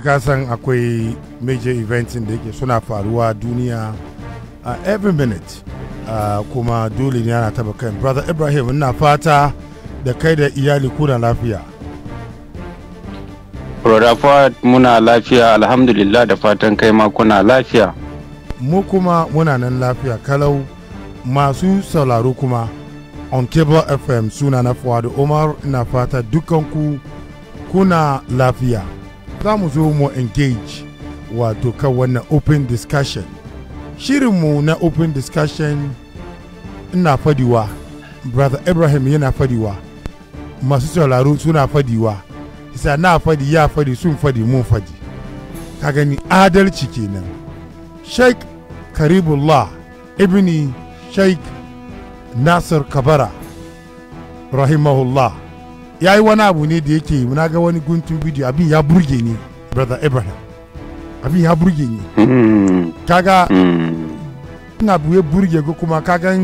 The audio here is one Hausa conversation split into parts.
ka san akwai major events da yake suna faruwa duniya a every minute kuma dole ne ana taba kai brother ibrahim ina fata da kai da iyali kuna lafiya brother fuad muna lafiya alhamdulillah da fatan kai ma kuna lafiya mu kuma muna nan lafiya kalau masu sauraro kuma on cable fm suna na fuad umar na fata dukanku kuna lafiya za mu zo mu engage wato kan wannan open discussion shirinmu na open discussion ina fadiwa brother ibrahim yana fadiwa masu sauraro suna fadiwa isa na fadi ya fadi sun fadi mun fadi ka gani adalci kenan sheikh karibullah ibni sheikh nasir kabara rahimahullah ya yi wani abu ne da yake muna ga wani guntun bidiyo abin ya burge ni brother abraham abin ya burge ni kaga ina buye burge ko kuma kaga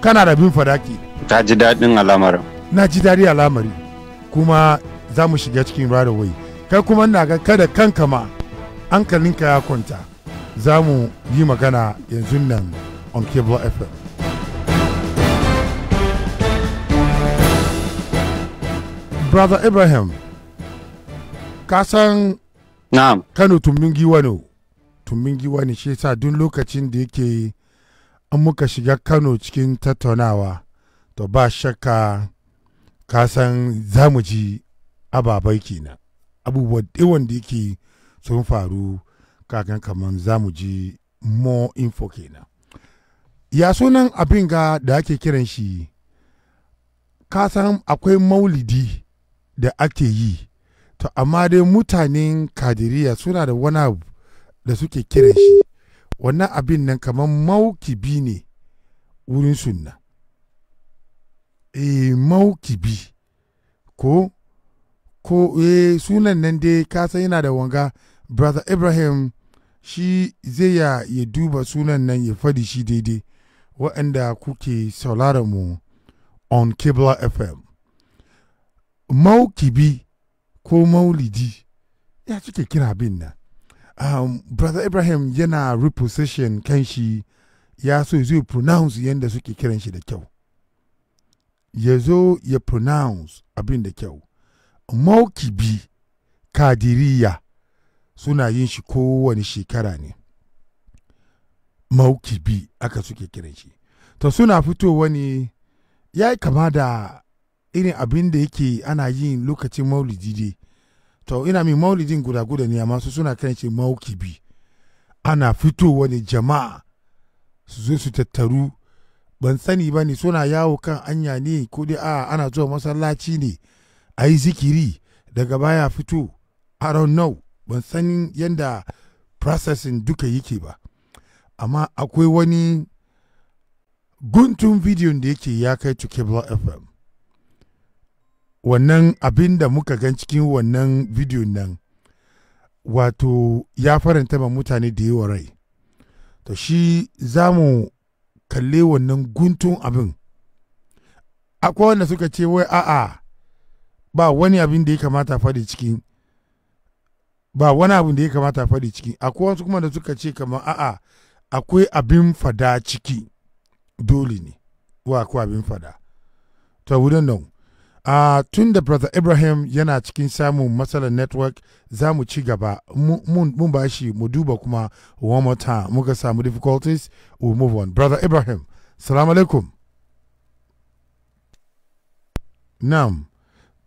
kana da bin fadaki ta ji daɗin al'amarin na ji daɗi al'amari kuma za mu shiga cikin right away kai kuma na ga kada kanka ma hankalinka ya kwanta za mu yi magana yanzu nan on cable fm brother ibrahim kasan na'am kano tumbin giwa ne tumbin giwa ne shi sa duk lokacin da yake an muka shiga kano cikin tattaunawa to ba shakka kasan san za mu ji ababai kenan abubuwa ɗewan da yake sun faru kakan kaman zamu ji more info kenan ya sunan abin ga da ake kiran shi kasan akwai maulidi da ake yi to amma dai mutanen kadiriya suna da wani abu da suke kiran shi wannan abin nan kamar maukibi ne wurin sunna e eh, maukibi ko ko e sunan nan dai kasan yana da wanga brother ibrahim shi zai ya ya duba sunan nan ya fadi shi daidai waɗanda kuke sauraron mu on Kibla FM. maukibi ko maulidi ya cike kira bin nan um, brother ibrahim yana reposition kan shi ya so zai pronounce yadda suke kiran shi da kyau ya zo ya pronounce abin da kyau maukibi kadiriya suna yin shi kowane shekara ne maukibi aka suke kiran shi ta suna fitowa ne ya yi kama da irin abin da yake ana yin lokacin maulidi dai to ina min maulidin guda guda ne amma su suna kan shi maukibi ana fitowa ne jama'a su zo su tattaru ban sani ba ne suna yawo kan anya ne ko dai a ana zuwa masallaci ne a yi zikiri daga baya fito i don't know ban san yadda processing duka yake ba amma akwai wani guntun bidiyon da yake ya kai to fm wannan abin da muka gan cikin wannan bidiyo nan wato ya faranta ma mutane da yawa rai to shi za mu kalle wannan guntun abin akwai wanda suka ce wai a'a ba wani abin da ya kamata faɗi cikin ba wani abin da ya kamata faɗi ciki akwai wasu kuma da suka ce kamar a'a akwai abin fada ciki dole ne wa akwai abin fada to wurin nan Uh, tun da brother ibrahim yana cikin samun matsalar network za mu ci gaba mun ba shi mu duba kuma one more time muka samu difficulties we move on brother ibrahim salamu alaikum nam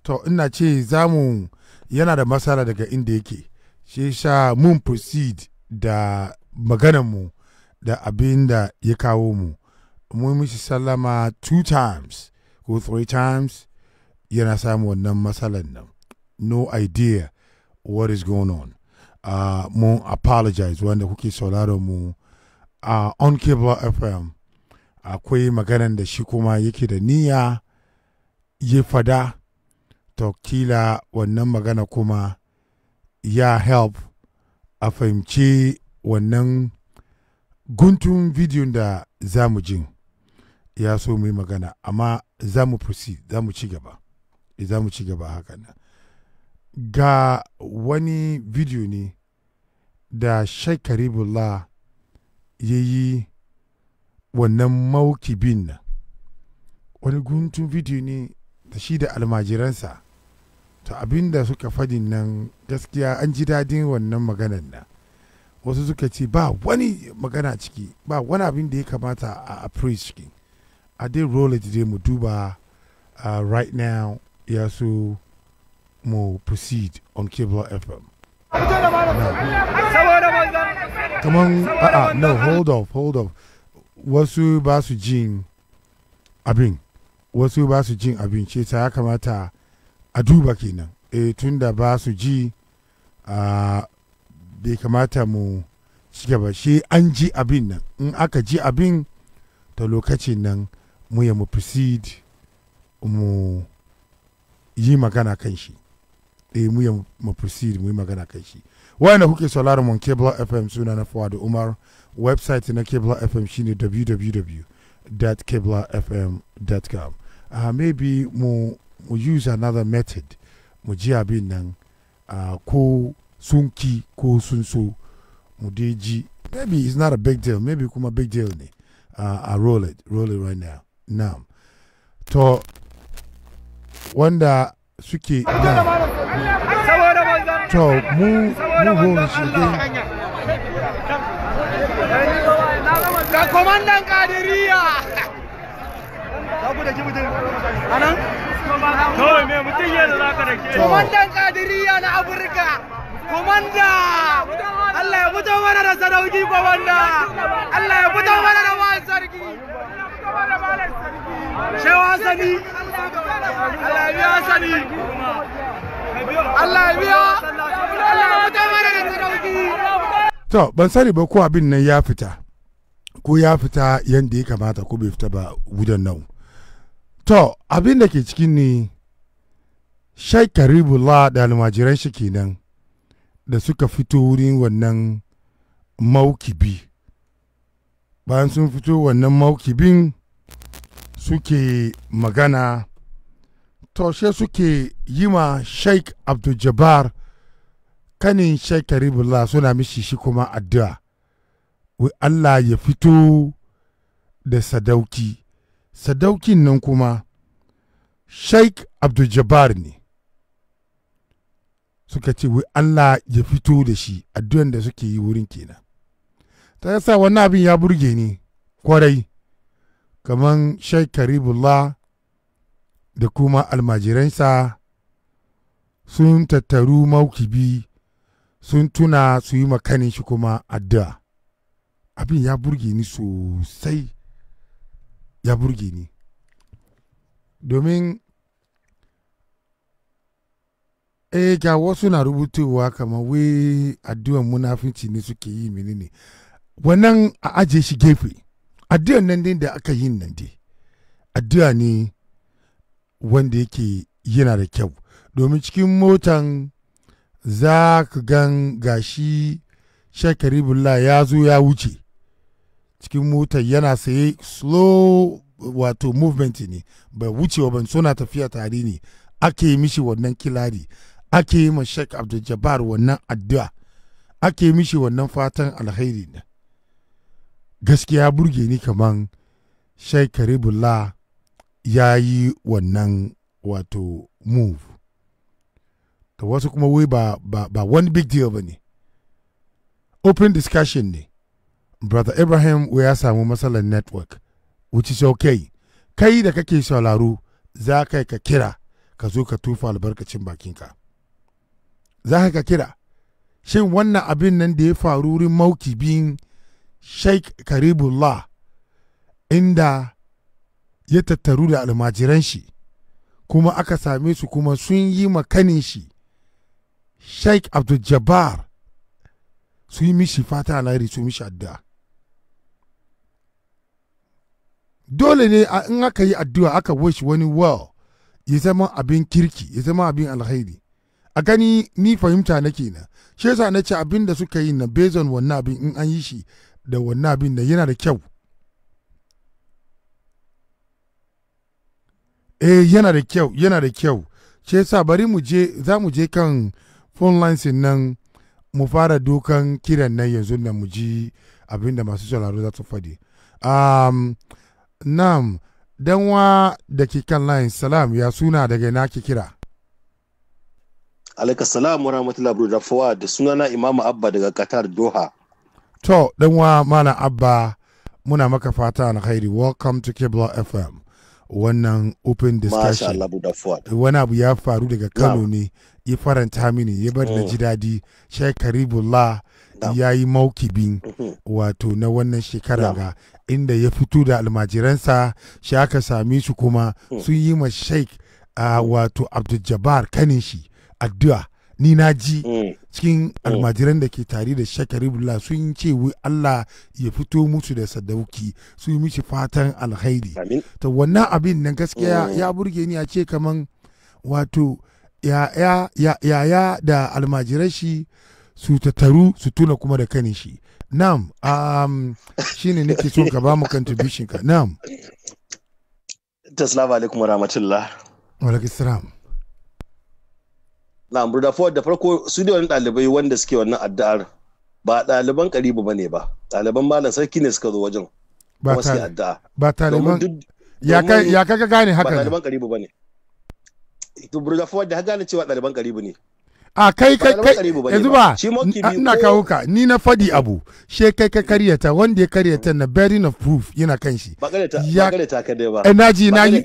to ina ce za mu yana da matsala daga inda yake shi sha mun proceed da maganarmu da abin da ya kawo mu mun mishi sallama two times ko three times yana samun wannan matsalar nan no idea what is going on uh, mun apologize wanda kuke sauraron mu a uh, on cable fm akwai uh, maganan da shi kuma yake da niyya ya fada to kila wannan magana kuma ya help a fahimci wannan guntun video da za mu jin ya so mu yi magana amma za mu proceed za mu ci gaba Eh, za mu ci gaba haka nan ga wani bidiyo ne da Sheikh Karibullah ya yi wannan maukibin nan wani guntun bidiyo ne da shi da almajiransa ta abin da suka fadin nan gaskiya an ji dadin wannan maganan nan wasu suka ce ba wani magana ciki ba wani abin da ya kamata a appraise ciki a dai roll it mu duba uh, right now yasu so mu proceed on cable fm kaman a'a no hold off hold off wasu ba su jin abin wasu ba su jin abin ce ta ya kamata a duba kenan e tunda da ba su ji a bai kamata mu ci gaba shi an ji abin nan in aka ji abin ta lokacin nan mu ya mu proceed mu yi magana kan shi ɗaya eh, mu yi mafusiri mu yi magana kan shi na kuke sauraron mun Cable FM suna na da Umar website na Cable FM shine www.cablefm.com uh, ah, maybe mu mu use another method mu ji abin nan uh, ko sun ki ko sun so mu dai ji maybe it's not a big deal maybe kuma big deal ne uh, I roll it roll it right now now to wanda suke to mu mu goma shi ne da komandan kadiriya da da ku anan to me mutum yadda da zaka da ke komandan kadiriya na afirka komanda Allah ya fito mana da sadauki komanda Allah ya fito mana da wa'an Shewa sani. Allah biya sani. Allah biya. Allah da To ban sani ba ko abin nan ya fita. Ko ya fita yadda ya kamata ko bai fita ba wudan nan. To abin da ke cikin ne Sheikh Karibullah da almajiran shi kenan da suka fito wurin wannan maukibi. bayan sun fito wannan maukibin suke magana toshe suke yi ma sheik abdul-jabbar kanin sheik karibullah suna mishi shi kuma addu'a wai allah ya fito da sadauki sadaukin nan kuma sheik abdul-jabbar ne suka ce wai allah ya fito da shi addu'an da suke yi wurin kenan ta yasa wani abin ya burge ni kwarai kamar sheikh karibullah da kuma almajiransa sun tattaru maukibi sun tuna su yi makanin shi kuma addu'a abin ya burge ni sosai ya burge ni domin eh ga wasu na rubutowa kamar wai addu'an munafinci ne suke yi mini ne wannan a ajiye shi gefe addu'an nan da aka yi nan dai addu'a ne wanda yake yana da kyau domin cikin motan za ka gan gashi shekaribullah ya zo ya wuce cikin motar yana saye slow wato movement ne ba wucewa ban suna tafiya tare ne ake yi mishi wannan kilari ake yi ma sheik abdul jabbar wannan addu'a ake yi mishi wannan fatan alheri ne gaskiya burge ni kaman karibula ya yi wannan wato move da wasu kuma wai ba, ba, ba wani big deal ba ne open discussion ne brother ibrahim wai ya samu matsalar network which is okay kai da kake sauraro za ka ka kira ka zo ka tufa albarkacin bakinka za ka ka kira shin wannan abin nan da ya faru wurin mauki biyun sheikh karibullah inda ya tattaru da almajiran shi kuma aka same su kuma sun yi makanin shi sheikh abdul jabbar su yi mishi fata alheri su mishi addu'a dole ne in aka yi addu'a aka wish wani well ya zama abin kirki ya zama abin alheri a gani ni fahimta na kenan shi yasa na ce abin da suka yi na bezon wannan abin in an yi shi da wannan abin da yana da kyau eh yana da kyau yana da kyau ce sa bari mu je za mu je kan phone lines nan mu fara dukan kiran nan yanzu nan mu ji abin da masu sauraro za su faɗi um, nam danwa da ke kan line salam ya suna daga na ke kira alaika salam wa rahmatullahi da sunana imam abba daga qatar doha To, dan wa Malam Abba muna maka fata alkhairi. Welcome to Kibla FM. Wannan open discussion. Wani abu ya faru daga Kano ne ya faranta mini ya bar da mm. ji daɗi. Sheikh Karibullah ya yi maukibin mm-hmm. wato na wannan shekara ga inda ya fito da almajiransa shi aka same su kuma mm. sun yi ma Sheikh ah, mm. wato Abdul Jabbar kanin shi addu'a ni na ji mm. cikin mm. almajiran da ke tare da shakaribullah sun ce wai Allah ya fito musu da sadauki su yi mishi fatan alhaidi ta wannan abin nan gaskiya mm. ya burge ni a ce kaman wato yaya da almajiran shi su tattaru su tuna kuma da kanin shi nam um, ne nake son ka ba mu contribution ka nam tasla alaikum wa rahmatullah wa alaikum na burda ford da farko su ne wani ɗalibai wanda suke wannan addu'ar ba ɗaliban karibu ba ne ba ɗaliban malam sarki ne suka zo wajen ba addu'a ba kai ya kaga gane haka ba ɗaliban karibu ba ne to burda forward da gane cewa ɗaliban karibu ne a kai kai kai yanzu ba ina kawo ka ni na fadi abu she kai ka karyata wanda ya karyata na bearing of proof yana kan shi ya eh, na ji na yi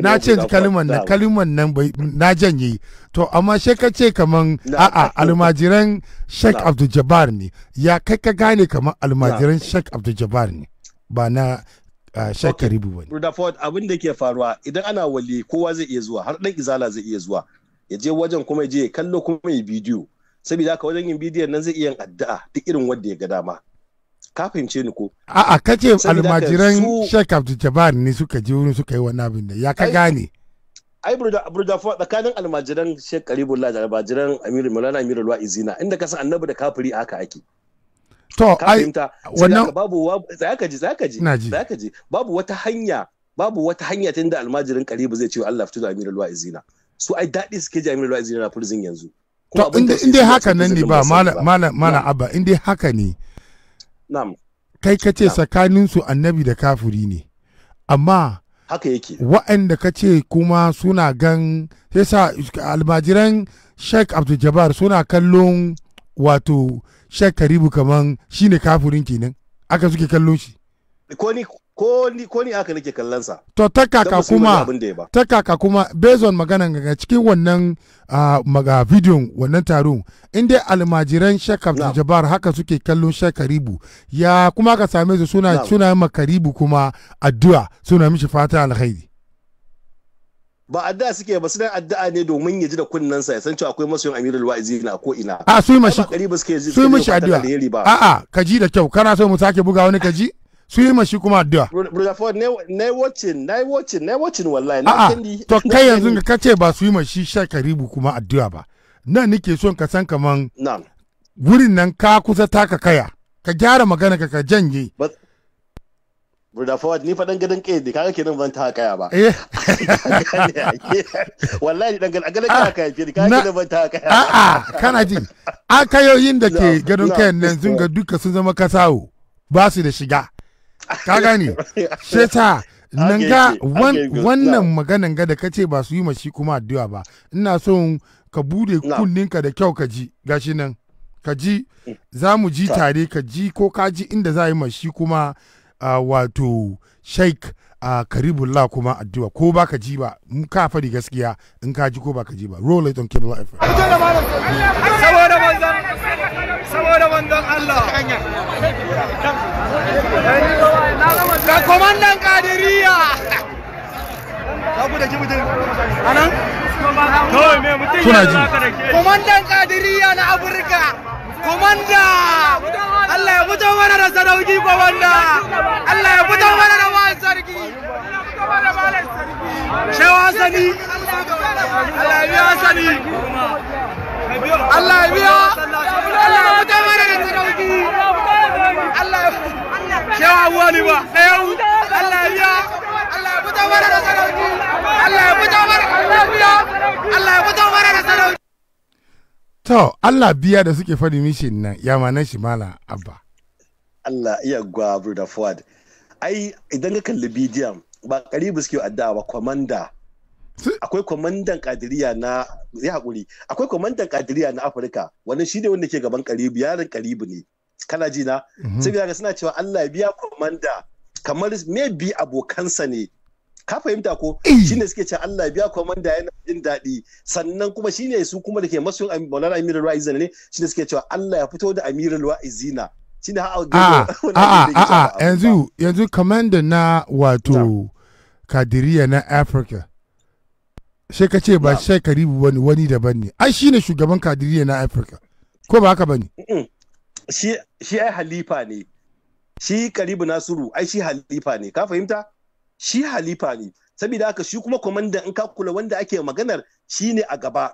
na ce kalmar na kalmar nan na janye to amma she ka ce kaman a'a almajiran Sheikh Abdul Jabbar ne ya kai ka gane kaman almajiran Sheikh Abdul Jabbar ne ba na Sheikh Karibu bane. Rutherford abin da ke faruwa idan ana wali kowa zai iya zuwa har dan izala zai iya zuwa ya je wajen kuma ya je ya kallo kuma ya bidiyo saboda haka wajen yin bidiyon nan zai iya addu'a duk irin wanda ya ga dama ka fahimce ni ko a'a kace almajiran Sheikh Abdul Jabbar ne suka je wurin suka yi wannan abin da ya ka gane ai burda burda fa tsakanin almajiran Sheikh Karibullah da almajiran Amirul Maulana Amirul Wa'izina inda ka san annabi da kafiri haka ake to ai wannan babu zaka ji zaka ji zaka ji babu wata hanya babu wata hanya tunda almajirin Karibu zai ce Allah fitu da Amirul Wa'izina su ai daɗi suke ji Aminu Ruwa'izi na prison yanzu. To in dai haka nan ne ba malam abba in dai haka ne. Kai ka ce tsakaninsu annabi da kafuri ne. Amma haka yake wa'anda ka ce kuma suna gan sai sa almajiran Sheikh abdul suna kallon wato Sheikh karibu kaman shine kafurin kenan aka suke kallon shi ko ni ko ni haka nake kallon sa to ta kaka kuma ta kaka kuma based on ga cikin wannan maga bidiyon wannan taron in dai almajiran Sheikh Abdul Jabbar haka suke kallon Sheikh Karibu ya kuma ka same su suna suna ma Karibu kuma addu'a suna mishi fata alkhairi ba addu'a suke ba su dan addu'a ne domin ya ji da kunnan sa ya san cewa akwai masoyin Amirul Wa'izi na ko ina a su yi mashi su yi mashi addu'a a'a ka ji da kyau kana so mu sake buga wani ka ji su yi mashi kuma addu'a. Rutherford na yi wacin na yi wacin na yi wacin wallahi na To kai yanzu ka ce ba su yi mashi sha karibu kuma addu'a ba. Nan nike son ka san kaman. Wurin nan ka kusa taka kaya. Ka gyara magana ka ka janye. Brother Fawad ni faɗan gadon kai ne kaga kenan ban ta kaya ba. Eh. Wallahi dan a gadon kaya kaya ke kaga kenan ban ta kaya. A'a kana ji akayoyin da ke gadon kayan nan zunga duka sun zama kasawo ba su da shiga. ka gane sheta nan ga wannan maganan ga da kace ba su yi mashi kuma addu'a ba ina so ka bude kunninka da kyau ka ji gashi nan ka ji za mu ji tare ka ji ko ka ji inda za a yi mashi kuma wato sheik a karibullah kuma addu'a ko ba ka ji ba mu ka faɗi gaskiya in ka ji ko ba ka ji ba roll it on cable fm saboda manzon Allah da komandan kadiriya na afirka komanda Allah ya fito mana da sadauki komanda Allah ya fito mana da sarki shewa sani Allah ya sani Allah ya biya Allah ya da sarauki Allah ya shewa Allah ya biya Allah ya da sarauki Allah ya Allah ya biya Allah ya da to Allah biya da suke fadi mishin nan ya ma shi mala abba Allah iya gwa da Fuad ai idan ka kalli bidiyon ba karibu suke addawa ba kwamanda. akwai kwamandan kadiriya na zai hakuri akwai kwamandan kadiriya na afirka wani shi ne wanda ke gaban karibu yaran karibu ne kana ji na mhm. sai ga suna cewa Allah ya biya kwamanda kamar maybe abokansa ne ka fahimta ko eh. shine suke cewa Allah ya biya kwamanda yana jin daɗi sannan kuma shine su kuma da ke masu Maulana Amirul Wa'izina ne shine suke cewa Allah ya fito da Amirul Wa'izina shine ha a a a yanzu yanzu kwamanda na wato Kadiriya na Africa sai ka ce ba sai karibu wani wani daban ne ai shine shugaban kadiriya na afirka ko ba haka ba ne shi ai halifa ne shi karibu nasuru ai shi halifa ne ka fahimta shi halifa ne saboda haka shi kuma kwamandan in ka kula wanda ake maganar shi ne a gaba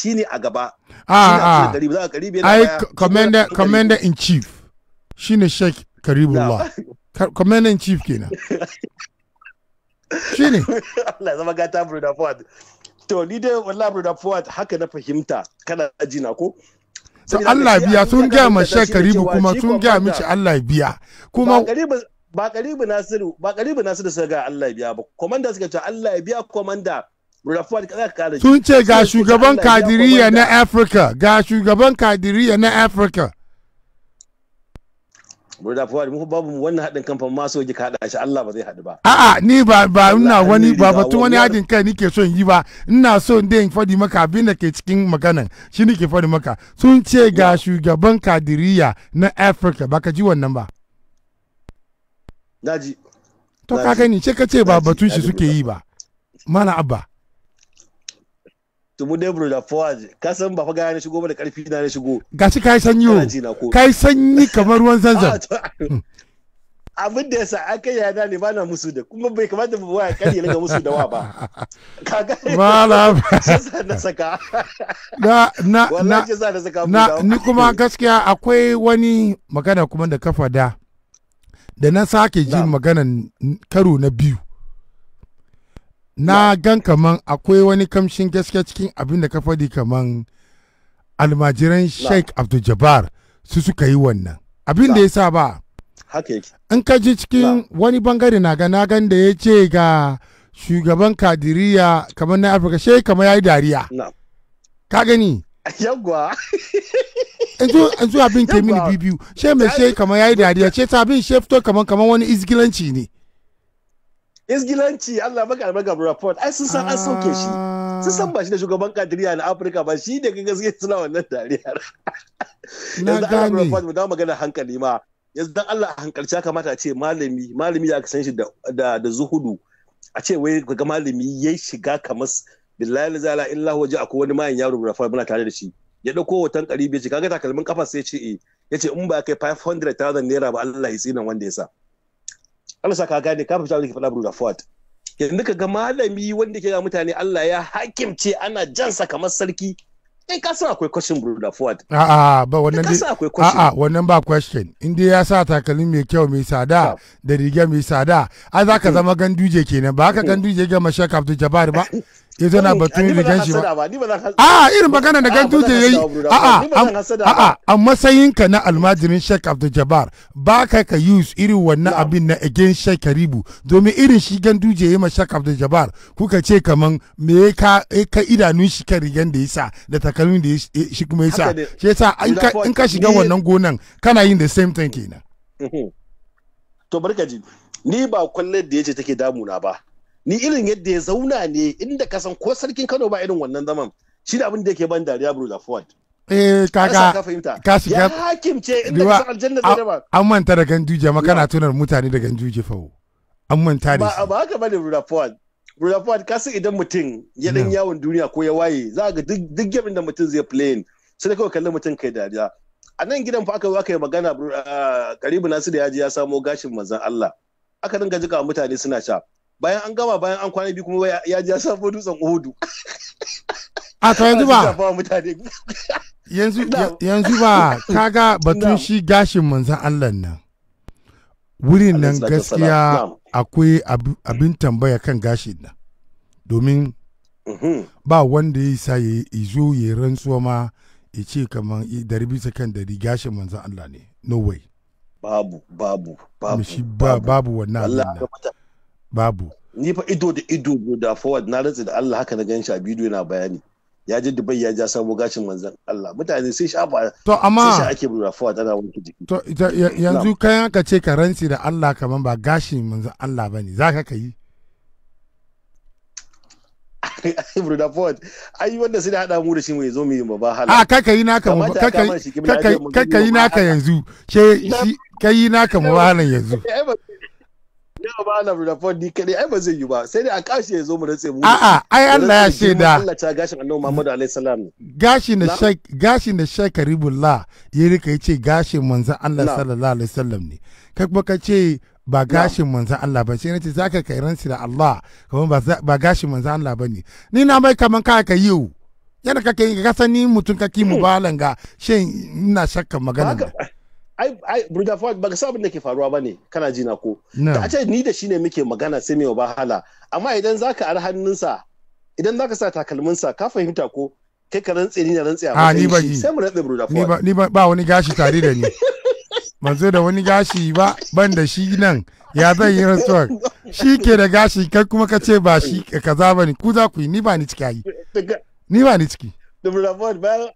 shine a gaba ah, a ah. a ai commander in chief shi ne sheikh karibullah commander in chief kenan shi ne Allah zama gata Bruna Ford to ni dai wallahi Bruna Ford haka na fahimta kana jina ko to Allah biya sun gaya ma karibu kuma sun gaya mishi Allah biya kuma ba karibu Nasiru ba karibu Nasiru suka ga Allah biya ba komanda suka ce Allah biya komanda sun ce ga shugaban kadiriya na Africa ga shugaban kadiriya na Africa Brother Fuad mu babu wannan haɗin kan ma so ji kaɗa shi Allah ba zai haɗu ba. A'a ni ba ba ina wani ba batun wani haɗin kai nike son yi ba ina so in dai fadi maka abin da ke cikin maganan shi nike fadi maka sun ce ga shugaban kadiriya na Africa baka ji wannan ba. Daji. To ka gani ce ka ce ba batun shi suke yi ba. Mana abba. tumu debro da fawaz ka san ba fa gaya na shigo ba da karfi na na shigo gashi kai sanyo kai sanyi kamar ruwan ah, zanzan abin da yasa an kai yana ne bana musu da kuma bai kamata ba waya kare ga musu da wa ba kaga malam na saka na na na ni kuma gaskiya akwai wani magana kuma da kafa da da na sake jin maganan karo na biyu na gan kaman akwai wani kamshin gaske cikin abin da ka faɗi kaman almajiran sheikh abdul-jabbar su suka yi wannan abin da ya sa ba in ka ji cikin wani bangare na ga gan da ya ce ga shugaban kadiriya kamar na afirka shai kamar ya yi dariya ka gani yagwa yanzu abin ke mini bibiyu shai mai shai kamar ya yi dariya ce ta abin she fito kamar kamar wani izgilanci ne isgilanci Allah maka albarka report ai sun san an sauke shi sun san ah. ba shi da shugaban kadiriya na Afirka ba shi da gaske suna wannan dariyar yanzu Allah report mu da magana hankali ma yanzu dan Allah hankalci ya kamata a ce malami malami da aka san shi da da zuhudu a ce wai ga malami yayi shiga kamar billahi la ilaha illa huwa akwai wani mayan yaro report muna tare da shi ya dauko hoton karibi shi kaga takalmin kafa sai ya ce eh ce in ba kai 500,000 naira ba Allah ya tsina wanda ya sa Allah sa ka gane ka shi abin ke faɗa Bruno Fuad yanzu ka ga malami wanda ke ga mutane Allah ya hakimce ana jansa kamar sarki in ka san akwai question Bruno Fuad a'a ba wannan a'a wannan ba question in dai ya sa takalmi mai kyau mai sada da riga mai sada ai zaka hmm. zama ganduje kenan ba ka hmm. ganduje ga Mashak Abdul Jabbar ba yanzu yana batun rigan shi ba a irin magana da gan tuje yayi a a a ka na almajirin Sheikh Abdul Jabbar ba ka ka use irin wannan abin na against Sheikh Karibu domin irin shi ganduje yayi ma sheik Abdul Jabbar kuka ce kaman me ka ka idanun shi kan rigan da yasa da takalmin da shi kuma yasa shi yasa in ka shiga wannan gonan kana yin the same thing kenan mhm. to barka ji ni ba kwallon da yace take damuna ba ni irin yadda ya zauna ne inda ka san ko sarkin Kano ba irin wannan zaman shi da abin da yake ban dariya Bruce Ford eh kaga ka shiga ya hakimce inda ka san aljanna zai ba an manta da ganduje ma kana tunar mutane da ganduje fa an manta da shi ba haka bane Bruce Ford Bruce Ford ka san idan mutum ya dan yawon duniya ko ya waye za ga duk game da mutum zai play sai kawai kalle mutum kai dariya a nan gidan fa aka zo aka yi magana ah, karibu nasu da yaji ya samo gashin manzon Allah aka dinga jika mutane suna sha bayan an gama bayan an kwana biyu kuma ya ji ya dutsen uhudu a to yanzu ba yanzu yanzu ba kaga batun shi gashin manzan Allah nan wurin nan gaskiya akwai abin tambaya kan gashin nan domin mm-hmm. ba wanda ya isa ya zo ya rantsuwa ma ya ce kamar dari bisa kan dari gashin manzan Allah ne no way babu babu babu babu wannan Allah babu ni fa ido da ido da forward na rantsi da Allah haka na gan shi a bidiyo na bayani ya ji dubai ya ja samu gashin manzan Allah mutane sai shafa to amma sai ake bura forward ana wanke jiki to yanzu kai aka ce ka rantsi da Allah kaman ba gashin manzan Allah bane zaka ka yi da forward. ai wanda sai da hada mu da shi mai zo mu yi ba A kaka kai naka mu kaka kai naka yanzu ke kai yi naka mu yanzu. yau ba na rafon ni kadai ai ba zai yi ba sai dai a kashi ya zo mu rantse mu a'a ai Allah ya shaida Allah ta gashin Annabi Muhammad alaihi salam gashi na shek gashi na shek Karibullah ya rika yace gashin manzon Allah sallallahu alaihi wasallam ne kai kuma ka ce ba gashin manzan Allah ba sai nace zaka kai ransu da Allah kuma ba gashin manzan Allah bane ni na mai kaman ka ka yiwu yana kake ka san ni mutum kake hmm. mu balanga shin ina shakkan magana ai ai Brother Ford ba sa abin da ke faruwa ne kana ji na ko da a ce ni da shi ne muke magana sai mai wahala amma idan zaka ar hannunsa idan zaka sa takalminsa ka fahimta ko kai ka rantse ni na rantse a ah, ni ba sai mu rantse Brother Ford ni ba ni ba wani gashi tare da ni manzo da wani gashi ba ban da shi nan ya zai yi rantsuwar shi ke da gashi kai kuma ka ce ba shi kaza ba ni, ku za ku yi ni ba ni ciki ni ba ni ciki da Brother Ford bayan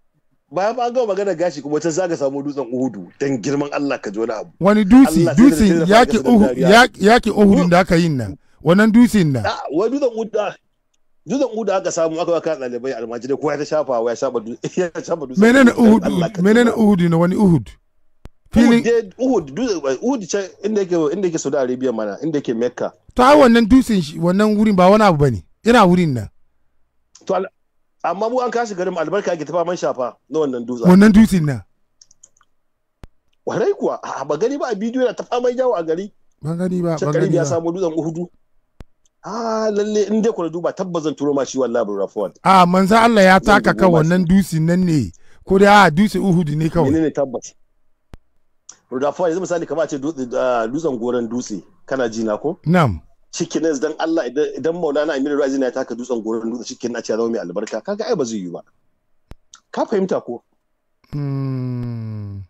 bayan an gama magana gashi kuma ta zaga samu dutsen uhudu don girman Allah ka ji wani abu wani dutse dutse yaki uhudu yaki uhudu da aka yin nan wannan dutsen nan ah, wani dutsen uhudu dutsen uhudu aka samu aka ka dalibai almajiri ko ya shafa wa ya shafa dutsen menene uhudu menene uhudu na wani uhudu filin uhud uhud ce inda yake inda yake saudi arabia mana inda yake mecca to ai wannan shi wannan wurin ba wani abu bane ina wurin nan to amma mu an kashi garin albarka ake tafa man shafa na wannan dutsen wannan dutsen na warai kuwa ba gani ba a bidiyo na tafa mai jawo a gari ban gani ba ban gani ba ya samu dutsen uhudu a lalle in dai kuna duba tabbazan turo ma shi wallahi bin rafuwan a manzo Allah ya taka kan wannan dutsen nan ne ko dai a dutsen uhudu ne kawai menene tabbas rafuwan yanzu misali kamar a ce dutsen goren dutse kana ji na ko na'am cikin dan Allah idan Maulana Aminu Razi na taka dutsen goron dutsen cikin na cewa zama mai albarka kaga ai ba zai yi ba ka fahimta ko hmm.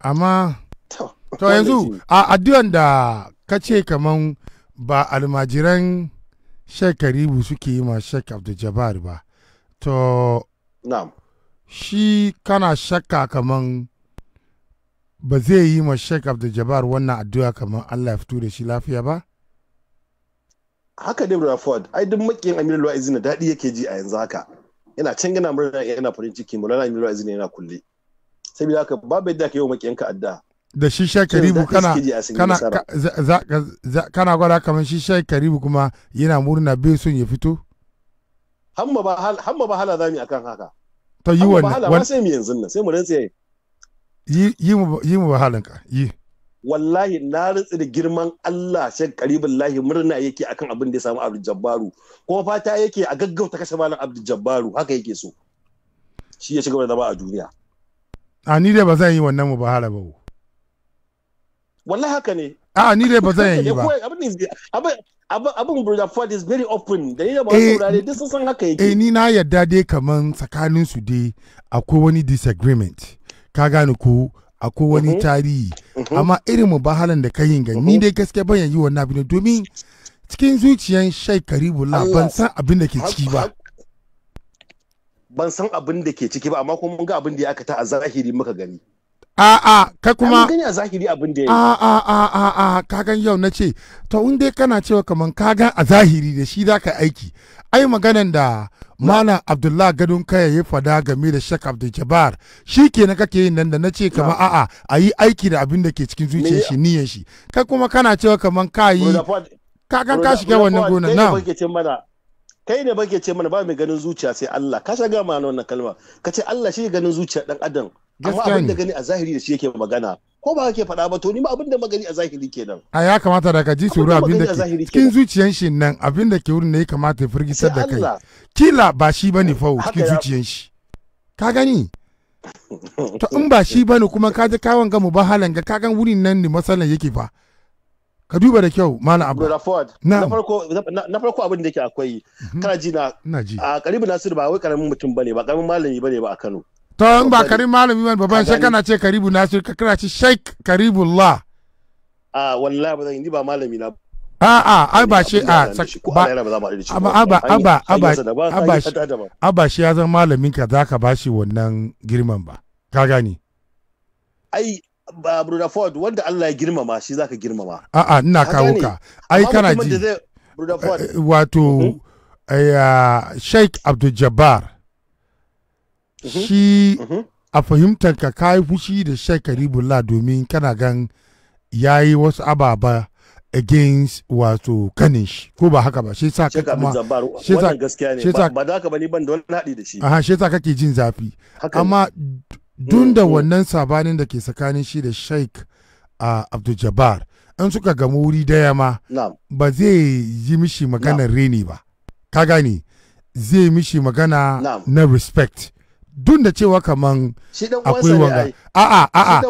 amma to yanzu a addu'an da ka ce kaman ba almajiran Sheikh Karibu suke yi ma Sheikh Abdul Jabbar ba to na'am shi kana shakka kaman ba zai yi ma Sheikh Abdul Jabbar wannan addu'a kaman Allah ya fito da shi lafiya ba haka David Ford ai duk makiyin Amir Luwaizi na daɗi yake ji a yanzu haka yana can yana murna yana farin ciki Maulana Amir Luwaizi yana kulle sabida haka babu yadda ka yi wa makiyan ka adda da shi Karibu kana kana kana gwada kamar shi Karibu kuma yana murna bai son ya fito hamma ba hamma ba hala zami akan haka to yi wannan sai mu yanzu nan sai mu rantse yi yi mu ba halinka yi wallahi na rutsi da girman Allah shan karibin lahi murna yake akan abin da ya samu Abdul Jabbaru ko fata yake a gaggauta kashe malam Abdul Jabbaru haka yake so shi ya shiga da zama a duniya a ni dai ba zan yi wannan mubahara ba wallahi haka ne a ni dai ba zan yi ba abin brother Ford is very open da ni da eh, ba saurare duk sun san haka yake eh ni na yarda dai kaman tsakanin su dai akwai wani disagreement ka gane ko akwai wani mhm. tarihi mhm. amma irin mu ba halin da ka yin ga ni mhm. dai gaskiya ban yi wannan abin domin cikin zuciyan shai karibu la ban san abin da ke ciki ba ban san abin da ke ciki ba amma kuma mun ga abin da ya aka ta a zahiri muka gani a a ka kuma gani a zahiri abin da ya a a a a ka gan yau na ce to in dai kana cewa kaman gan a zahiri da shi zaka aiki ai maganan da mana abdullah gadon kaya ya fada game da shek abdul jabbar shi ke na kake yin nan da na ce kama a'a a yi aiki da abin da ke cikin zuciyar shi niyan shi kai kuma kana cewa kaman ka yi ka kan ka shiga wannan gona na kai ne bake ce mana ba mai ganin zuciya sai Allah ka shiga ma wannan kalma ka ce Allah shi ganin zuciya dan adam amma abin da gani a zahiri da shi yake magana ko ba kake faɗa ba to ni ma abin da magani a zahiri kenan a ya kamata da ka ji tsoro abin da ke cikin zuciyan shi nan abin da ke wurin ne ya kamata ya firgitar da kai kila ba shi bane fa cikin zuciyan shi ka gani to in ba shi bane kuma ka ji kawon ga halan ga ka gan wurin nan ne masalan yake fa ka duba da kyau malam abu na farko na farko abin da yake akwai mhm. kana ji na a karibu nasiru ba wai karamin mutum bane ba karamin malami bane ba a Kano to in ba karin malami man baban sai kana ce karibu nasir ka kira shi sheik karibullah a wallahi ba zan yi ba malami na a a ai ba shi a ba amma aba aba aba aba aba shi ya zan malamin ka zaka ba shi wannan girman ba ka gani ai ba Bruna Ford wanda Allah ya girmama shi zaka girmama a a ina kawo ka ai kana ji eh, eh, wato mhm. eh, Sheikh Abdul Jabbar Mhm. shi mhm. a fahimtar ka kai fushi da Sheikh Karibullah domin kana gan ya yi wasu ababa against wato kanin shi ko ba haka ba shi sa ka kuma shi sa gaskiya ne ba da haka ba ni ban da wani haɗi da shi aha shi sa kake jin zafi amma dun da mm, mm. wannan sabanin da ke tsakanin shi da Sheikh a Abdul Jabbar an suka gamu wuri daya ma ba zai yi mishi magana reni ba ka gane zai mishi magana na respect dun da cewa kaman akwai wanga a'a a'a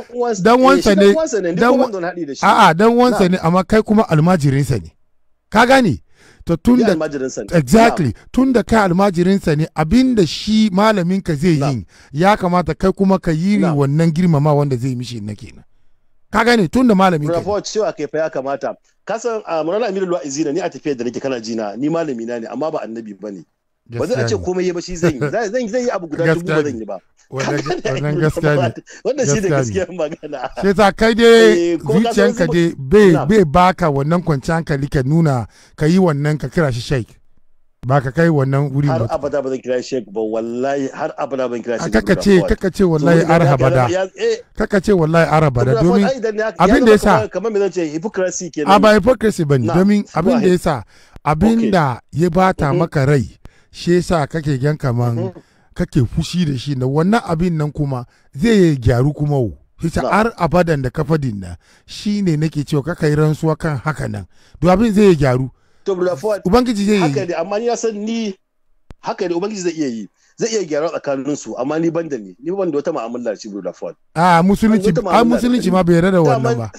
dan wansa eh, ne a'a dan wansa ne amma kai kuma almajirinsa ne ka gane to tun da exactly tun da kai almajirinsa ne abinda shi malamin ka zai yi ya kamata kai kuma ka yi wannan girmama wanda zai mishi na kenan ka gani tun da malamin ka rafa cewa kai fa ya kamata kasan a ah, murana amirul wa'izina ni a tafiyar da nake kana jina ni malami na ne amma ba annabi bane ba zai a ce komai ya ba shi zan yi zan yi abu guda dubu ba zan yi ba wannan gaskiya ne wannan shi da gaskiya magana sai ta kai dai eh, zuciyanka dai bai baka wannan kwanciyar hankali ka nuna ka yi wannan ka kira shi shake ba ka kai wannan wuri ba har abada ba zan kira shek ba wallahi har abada ban kira shek ba ce kaka ce wallahi arhabada eh. kaka ce wallahi da domin abin da yasa kamar me zan hypocrisy kenan a ba hypocrisy bane domin abin da yasa abin da ya bata mm-hmm. maka rai shi yasa kake gan kaman mhm. kake fushi da shi na wannan abin nan kuma zai gyaru kuma wo ita har abadan da kafa na shi ne nake cewa kaka yi rantsuwa kan haka nan to abin zai gyaru ubangiji zai yi haka ne amma ya san ni haka ne ubangiji zai iya yi zai iya gyara tsakanin su amma ni ban da ni ni ban da wata ma'amala ce Bruno Ford a ah, musulunci a ah, musulunci ma bai yarda da wannan ba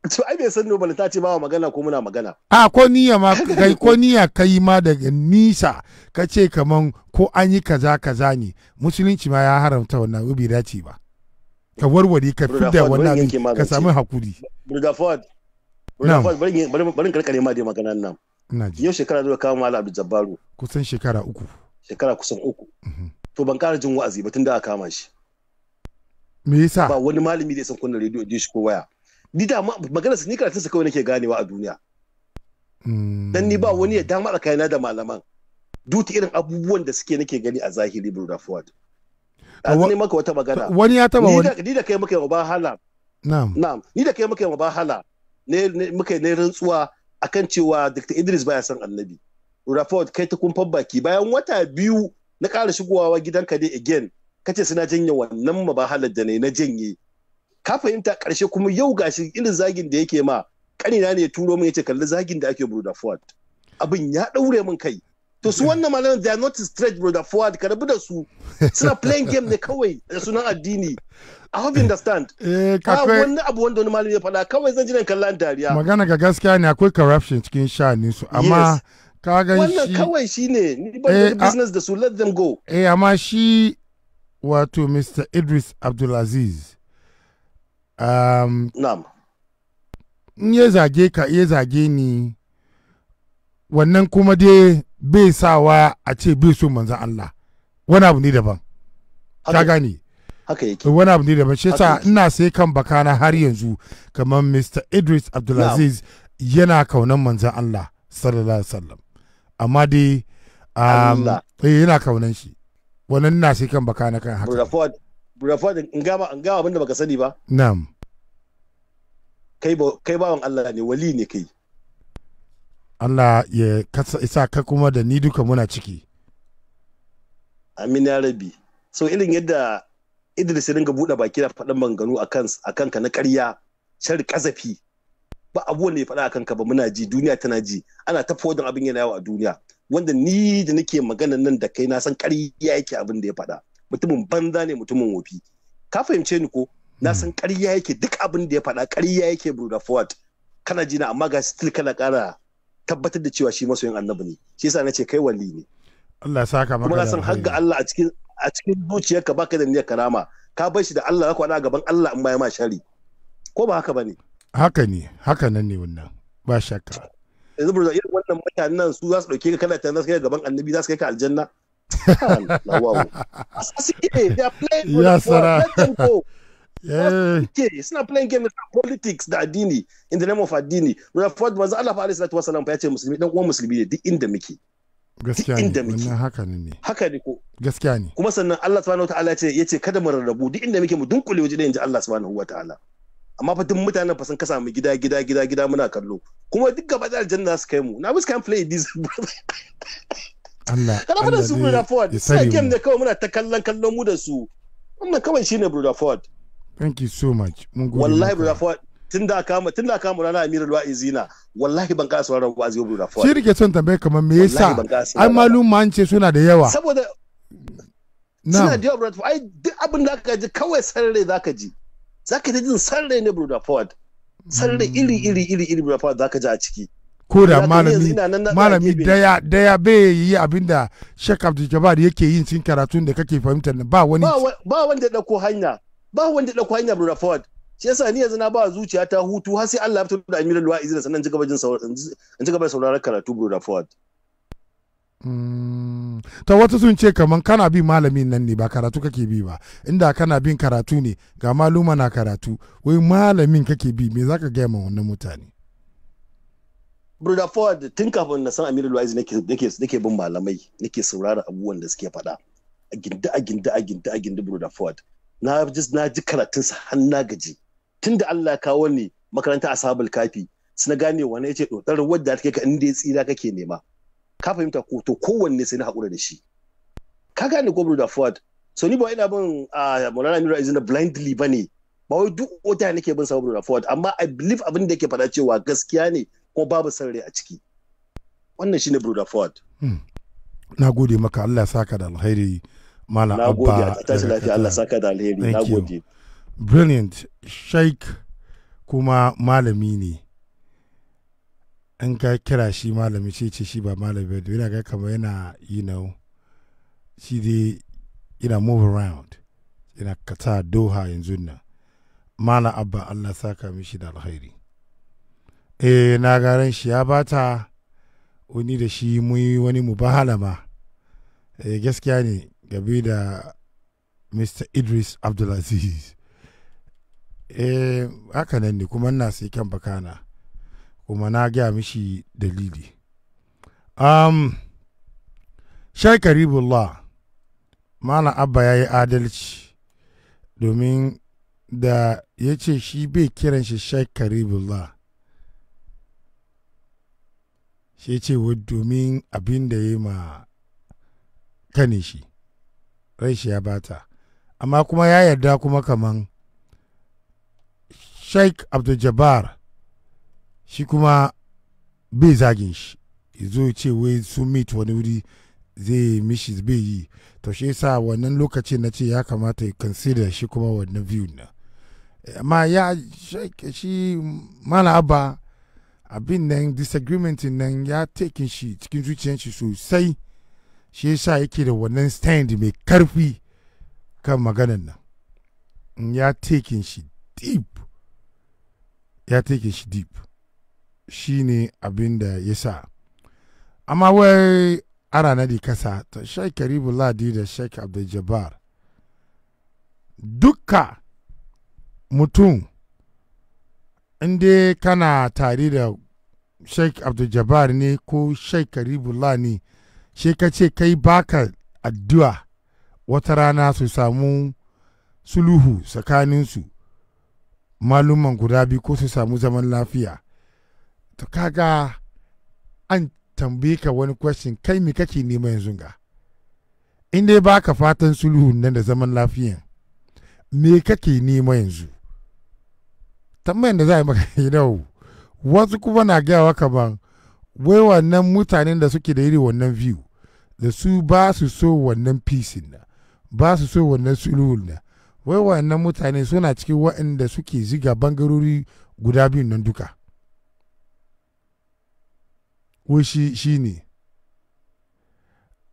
to ai bai san nobel ta ce ba magana ko muna magana a ko niyya ma kai ko niya kai ma daga nisa ka ce kaman ko an yi kaza kaza ne musulunci ma ya haramta wannan ubi dace ba ka warware ka fidda wannan ka samu hakuri brother ford bari bari karkare ma dai maganar nan yau shekara zuwa kawo mala abdul jabbaru kusan shekara uku shekara kusan uku mhm. to ban kara jin wa'azi ba tun da aka kama shi me yasa ba wani malami da san kunna rediyo ji shi ko waya ni da magana su ni karatun su kawai nake ganewa a duniya dan ni ba wani ya dama tsakanina da malaman duk irin abubuwan da suke nake gani a zahiri Bruda Ford a ne maka wata magana wani ya taba wani ni da kai muka yi mubahala na'am na'am ni da kai muka yi mubahala ne muka ne rantsuwa akan cewa Dr. Idris baya san annabi Bruda Ford kai ta kun baki bayan wata biyu na ƙara shigowa gidanka dai again kace suna janye wannan mabahalar da ne na janye ka fahimta karshe kuma yau gashi irin zagin da yake ma kanina ne ya turo min yace kalli zagin da ake Broda Ford abin ya daure min kai to su wannan malaman they are not straight Broda Ford ka rabu da su suna playing game ne kawai da sunan addini I hope you understand. Eh, akwai wani abu wanda wani malami ya faɗa kawai zan ji nan kallon dariya. Magana ga gaskiya ne akwai corruption cikin sha'anin su amma ka gan shi wannan kawai shine ni ba eh, business da su let them go. Eh amma shi wato Mr. Idris Abdulaziz um, na'am in ya zage ka ya zage ni wannan kuma dai bai sawa a ce bai so manzan Allah wani abu ne daban ta gane haka yake wani abu ne daban shi sa ina sai kan bakana har yanzu kamar Mr Idris Abdulaziz yana kaunan manzan Allah sallallahu alaihi wasallam amma dai um, eh, yana kaunan shi wannan na sai kan bakana kan haka rafuwa in gama in abinda sani ba na'am kai bawan Allah ne wali ne kai Allah ya isa ka kuma da ni duka muna ciki amin ya rabi so irin yadda Idris ya dinga buɗe baki da faɗin manganu a kanka na karya shari kazafi ba abuwan da ya faɗa a kanka ba muna ji duniya tana ji ana ta fodin abin yana yawo a duniya wanda ni da nake magana nan da kai na san ƙarya yake abin da ya faɗa mutumin banza ne mutumin wofi ka fahimce ni ko na san ƙarya yake duk abin da ya faɗa ƙarya yake Bruda forward kana jina amma ga still kana ƙara tabbatar da cewa shi masoyin annabi ne shi yasa ce kai wali ne Allah saka maka kuma na san har ga Allah a cikin a cikin zuciyarka baka da niyyar karama ka bar shi da Allah ka wada gaban Allah in ya ma shari ko ba haka bane haka ne haka nan ne wannan ba shakka yanzu Bruda irin wannan mutanen su za su dauke ka kana tana za su gaban annabi za su kai ka aljanna they are playing yes, sir. Let them go. Yeah. It's not playing game with politics da addini in the name of addini. Rafat manzo Allah fa alaihi wasallam ya ce musulmi dan uwan musulmi ne duk inda muke. Gaskiya ne. Wannan haka ne. Haka ne ko. Gaskiya ne. Kuma sannan Allah subhanahu wataala ce yace kada mu rarrabu duk inda muke mu dunkule waje da inji Allah subhanahu wataala. Amma fa duk mutanen fa sun kasa mu gida gida gida gida muna kallo. Kuma duk gaba da aljanna su kai mu. Na bi kan play this. Allah kana fara su Bruda Ford sai game ne kawai muna ta kallon kallon mu da su wannan kawai shine Bruda Ford thank you so much mun gode wallahi Bruda Ford tun da kama tun da kama rana Amir Wa'izina wallahi ban kasa sauraron wa'azi Bruda Ford shi rike son tambaye kamar me yasa ai ma an ce suna da yawa saboda suna da yawa Bruda Ford ai duk abin da aka ji kawai sarre zaka ji zaka ji jin sarre ne Bruda Ford sarre hmm. iri iri iri iri Bruda Ford zaka ji a ciki ko da malami malami daya daya bai yi abin da Sheikh Abdul Jabbar yake yin cikin karatun da kake fahimtar ba wani ba wanda da ko hanya ba wanda da ko hanya Abdul Rafat shi yasa ni yanzu na ba zuciya ta hutu har sai Allah ya fito da Amirul Wa'iz da sannan ji gaba jin in ji gaba sauraron karatu Abdul Rafat ta wasu sun ce kaman kana bin malamin nan ne ba karatu kake bi ba inda kana bin karatu ne ga maluma na karatu wai malamin kake bi me zaka gaya ma wannan mutane Brother Ford tun kafin na san Amirul Waiz nake bin malamai nake saurara abubuwan da suke faɗa. A ginda a ginda a ginda a ginda Brother Ford. Na ji na ji karatun sa har na gaji. da Allah ya kawo ni makaranta Sabul Kafi suna gane wani yace dotar wadda take ka inda ya tsira kake nema. Ka fahimta ko to kowanne sai na haƙura da shi. Ka gane ko Brother Ford. So ni ba ina bin Maulana Amirul Waiz na blindly bane. ba wai duk wata nake bin sababu da Ford amma i believe abin da yake faɗa cewa gaskiya ne ko babu san rai a ciki wannan shine broda ford hmm. na gode maka Allah saka da alheri mala abba na gode a tashi lafiya Allah saka da alheri na gode brilliant sheik kuma malami ne in ka kira shi malami ce ce shi ba malami ba yana ga kamar yana you know shi dai yana move around yana kata doha yanzu nan mala abba Allah saka mishi da alheri eh na garan shi ya bata wani da shi muyi wani mu bahala ma eh gaskiya ne gabi da mr idris abdulaziz eh haka nan ne kuma na sai kan bakana kuma na ga mishi dalili um, shai karibullah mana abba ya yi adalci domin da ya ce shi bai kiran shi shai karibullah shi ce domin abin da ya ma kane shi rai shi ya bata amma kuma ya yarda kuma kaman sheik abdul-jabbar shi kuma bai zagin shi zo ce wai sun meet wani wuri zai mishi bai yi to shi sa wannan lokaci na ce ya kamata ya consider shi kuma wannan view na amma ya shi mana abba abin nan disagreement nan ya tekin shi cikin zuciyar shi sosai shi yasa yake da wannan stand mai karfi kan maganan nan ya tekin shi deep ya tekin shi deep shi ne abin da ya sa amma wai ara na kasa ta sheik karibu ladi da sheik abdul jabbar duka mutum in dai kana tare da sheikh abdul ne ko sheikh karibullah ne shi ka ce kai baka addu'a wata rana su samu suluhu tsakaninsu maluman guda biyu ko su samu zaman lafiya to kaga an tambaye ka wani question kai me kake nema yanzu ga in dai baka fatan suluhu nan da zaman lafiyan me kake nema yanzu tambayan da za a yi maka you wasu kuma na gaya wa kaman wai wannan mutanen da suke da iri wannan view da su ba su so wannan pisin na ba su so wannan sulhul na wai wannan mutane suna cikin waɗanda suke ziga bangarori guda biyun nan duka wai shi ne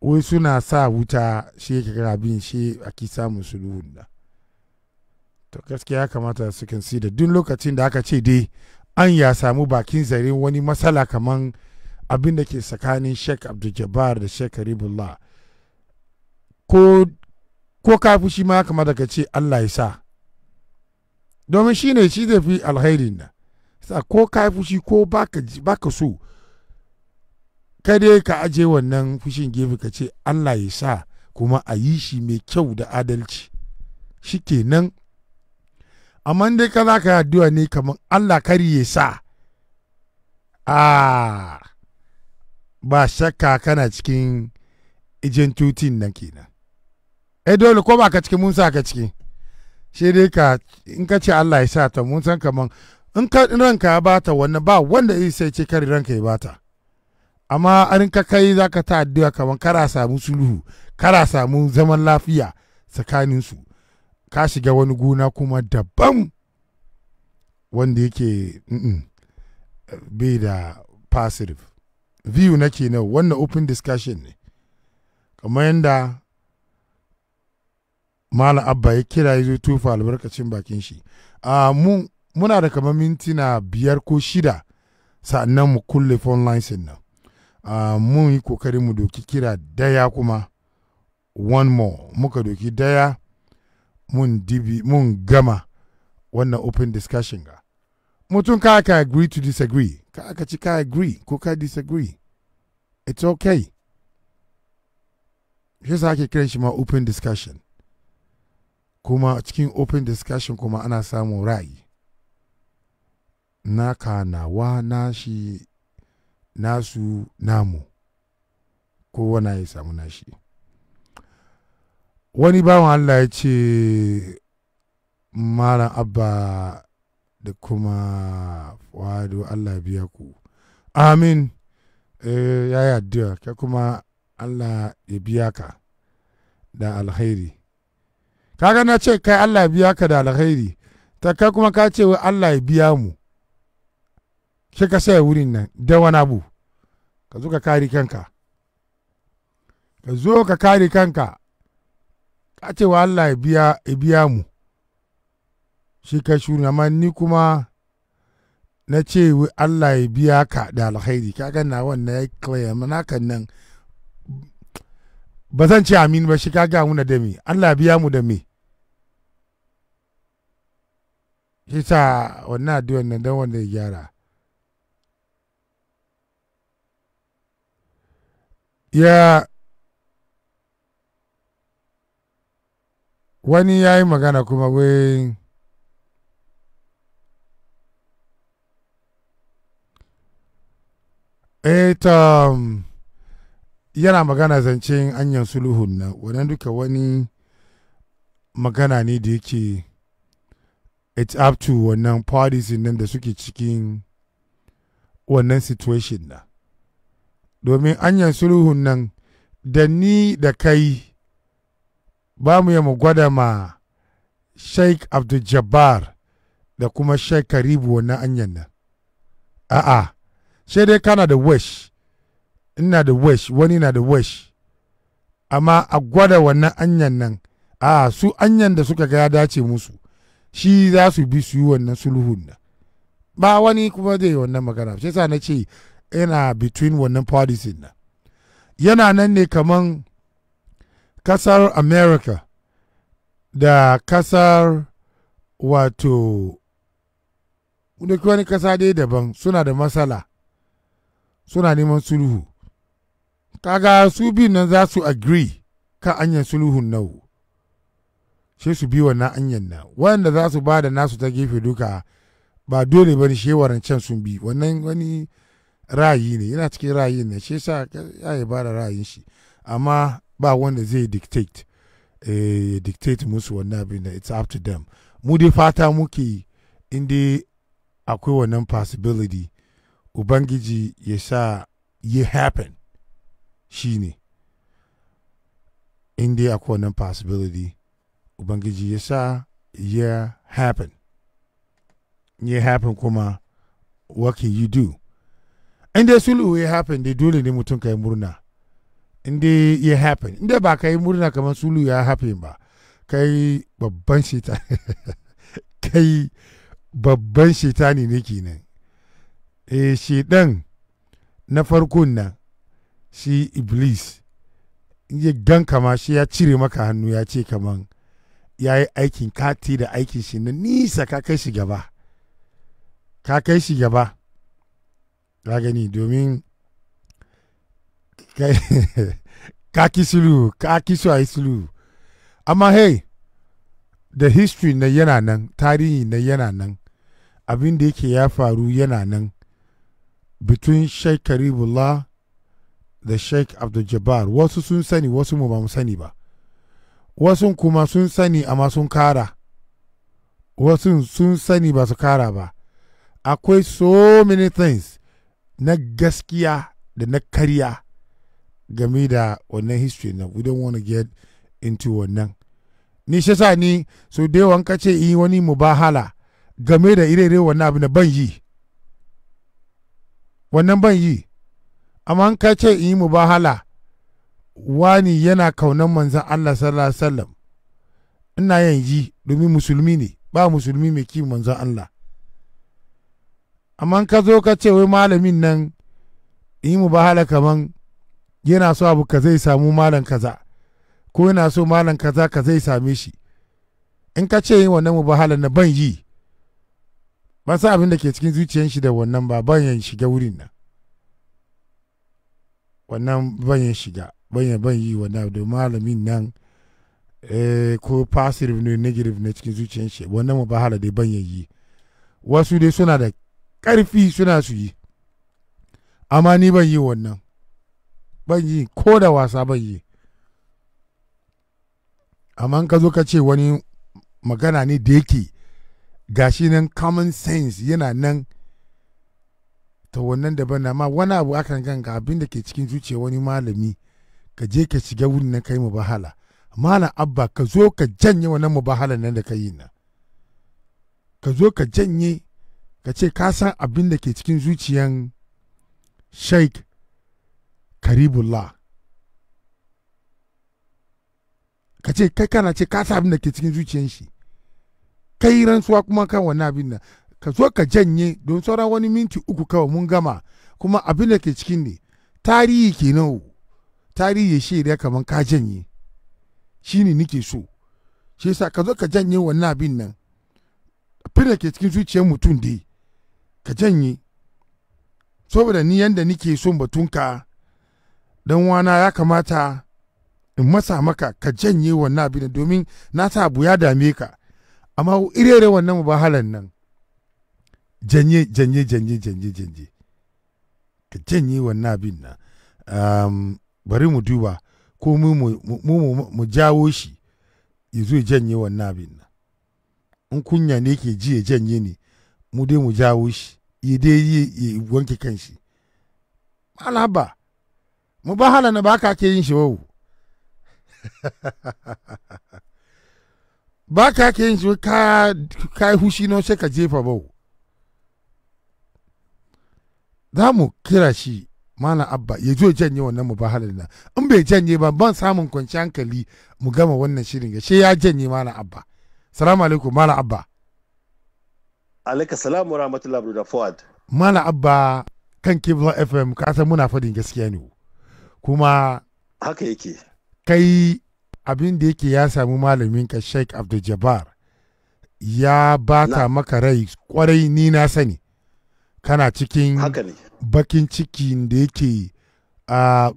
wai suna sa wuta shi yake kira bin shi a kisa musulhul na to gaskiya ya kamata su da duk lokacin da aka ce dai an ya samu bakin zare wani matsala kaman abin da ke tsakanin Sheikh abdul da sheikh karibullah ko ko ka fushi ma kamata ka ce allah ya sa domin shi ne shi zai fi alhairin nan sa ko ka fushi ko baka so kada ka aje wannan fushin gefe ka ce allah ya sa kuma a yi shi mai kyau da adalci shi kenan amma dai ka za ka yi addu'a ne kamar Allah kar ya sa a ba shakka kana cikin ijin tutin nan kenan eh dole ko ba ka cikin mun sa ka cikin shi dai ka in ka ce Allah ya sa ta mun san kaman in ka ranka ya bata wannan ba wanda zai sai ce kar ranka ya bata amma an ka kai zaka ta addu'a kar kara samu sulhu kara samu zaman lafiya tsakanin su ka shiga wani gona kuma daban wanda yake bai da passive view nake na wannan open discussion ne kamar yadda malam abba ya kira ya zo tufa albarkacin bakin shi a muna da kamar mintina biyar ko shida sa'annan mu kulle phone lines nan a mun yi kokari mu doki kira daya kuma one more muka doki daya mun dibi mun gama wannan open discussion ga mutum ka ka agree to disagree ka aka ci ka agree ko ka disagree it's okay shi sa ake kiran shi ma open discussion kuma cikin open discussion kuma ana samun ra'ayi na na shi nasu namu kowa na ya samu nashi wani bawan Allah ya ce malam abba da kuma wado Allah biya ku amin eh, ya yi addu'a ka kuma Allah ya biya ka da alkhairi kaga na ce kai Allah ya biya ka da alkhairi ta kai kuma ka ce wai Allah ya biya mu ka saya wurin nan da wani abu ka zo ka kari kanka ka zo ka kari kanka ka cewa Allah ya biya mu shi ka shuru amma ni kuma na ce Allah ya biya ka da alkhairi ka ga na wannan ya claim nakan nan ba zan ce amin ba shi ka ga mu da me Allah biya mu da me shi sa wannan addu'ar nan dan wanda ya gyara ya wani ya yi magana kuma wai eh, ta um, yana magana zancen anyan suluhun na wannan duka wani magana ne da yake it's up to wannan parties nan da suke cikin wannan situation na domin anyan sulhun nan da ni da kai ba mu yi mu gwada ma sheikh abdul jabbar da kuma sheikh karibu wannan anyan nan a'a sai dai kana da wish ina da wish wani na da wish amma a gwada wannan anyan nan a'a su anyan da suka ga ya dace musu shi za su bi su yi wannan sulhun nan ba wani kuma zai wannan magana shi sa na ce yana between wannan policy na yana nan ne kaman kasar america da kasar wato duk wani kasa dai daban suna da matsala suna neman sulhu kaga su biyun nan za su agree kan anyan sulhun nau shi su bi wannan anyan na wanda za su ba da nasu ta gefe duka ba dole ba ne shewaran can sun bi wannan wani ra'ayi ne yana cikin ra'ayin ne shi sa ya yi ba da ra'ayin shi amma ba wanda zai dictate eh, dictate musu wannan abin da it's up to them mu dai fata muke inda akwai wannan possibility ubangiji ya sa ya happen shi ne inda akwai wannan possibility ubangiji ya sa ya happen ya happen kuma what can you do in dai sulhu ya happen dai dole ne mutum ka yi murna inda ya happen inda ba ka yi murna kamar sulu ya happen ba kai babban shita kai babban shetani ne kenan e eh, shedan na farkon nan shi iblis ya gan kama shi ya cire maka hannu ya ce kaman ya yi aikin kati da aikin shi na nisa ka kai shi gaba ka kai shi gaba ka domin kaki sulu kaki su a yi sulu amma hey da history na yana nan tarihi na yana nan abin da yake ya faru yana nan between sheikh karibullah da sheikh abdul-jabbar wasu sun sani wasu mu ba sani ba wasu kuma sun sani amma sun kara wasu sun sani ba su kara ba akwai so many things na gaskiya da na karya game da wannan history na we don't want to get into wannan ni shi sa ni so dai wanka ka ce yi eh wani mubahala game da ire-ire wannan abin da ban yi wannan ban yi amma an ka ce yi eh mubahala wani yana kaunan manzan Allah sallallahu alaihi wasallam ina yan yi domin musulmi ne ba musulmi mai ki manzan Allah amma ka zo ka ce wai malamin nan yi eh mubahala kaman yana so abu ka zai samu malam kaza ko yana so malam kaza ka zai same shi in ka ce yin wannan mubahalar na ban yi ba sa abin da ke cikin zuciyar shi da wannan ba ban yin shiga wurin nan wannan ban yin shiga ban yin ban yi wannan da malamin nan eh, ko positive ne negative ne cikin zuciyar shi wannan mubahalar da ban yi wasu dai suna da karfi suna su yi amma ni ban yi wannan ban yi ko da wasa ban yi amma ka zo ka ce wani magana ne da yake gashi nan common sense yana nan ta wannan daban na ma wani abu akan ganga abinda ke cikin zuciya wani malami ka je ka shiga wurin na kai mubahala malam abba ka zo ka janye wannan bahala nan da ka yi na ka zo ka janye ka ce ka san abin ke cikin zuciyan sheik karibullah ka ce kai kana ce ka abin da ke cikin zuciyan shi kai rantsuwa kuma kan wani abin nan ka zo ka janye don sauran wani minti uku kawai mun gama kuma abin da ke cikin ne tarihi ke kenan tarihi ya shaida kamar ka janye shi ne nike so shi yasa ka zo ka janye wannan abin nan abin da ke cikin zuciyar mutum dai ka janye saboda ni yanda nike son batunka dan wana ya kamata in masa maka ka janye wannan abin domin na sa abu ya dame ka amma irere wannan ba halan nan janye janye janye janye janye ka janye wannan abin nan um, bari mu duba ko mu mu jawo shi ya zo janye wannan abin nan in kunya ne ke ji ya janye ne mu dai mu jawo shi ya dai yi wanke kanshi alaba mu ba hala na ba ka ke yin shi wau ba ka ke yin shi ka yi hushi na sai ka jefa bau za mu kira shi mana abba ya zo janye wannan mu ba hala na in bai janye ba ban samun kwanci hankali mu gama wannan shirin ga ya janye mana abba salamu alaikum mana abba alaika salamu rahmatullahi da fuad mana abba kan kibla fm ka san muna fadin gaskiya ne kuma haka yake kai abin da yake ya samu malamin ka sheik abdul jabbar ya bata maka rai kwarai ni na sani kana cikin bakin ciki da yake a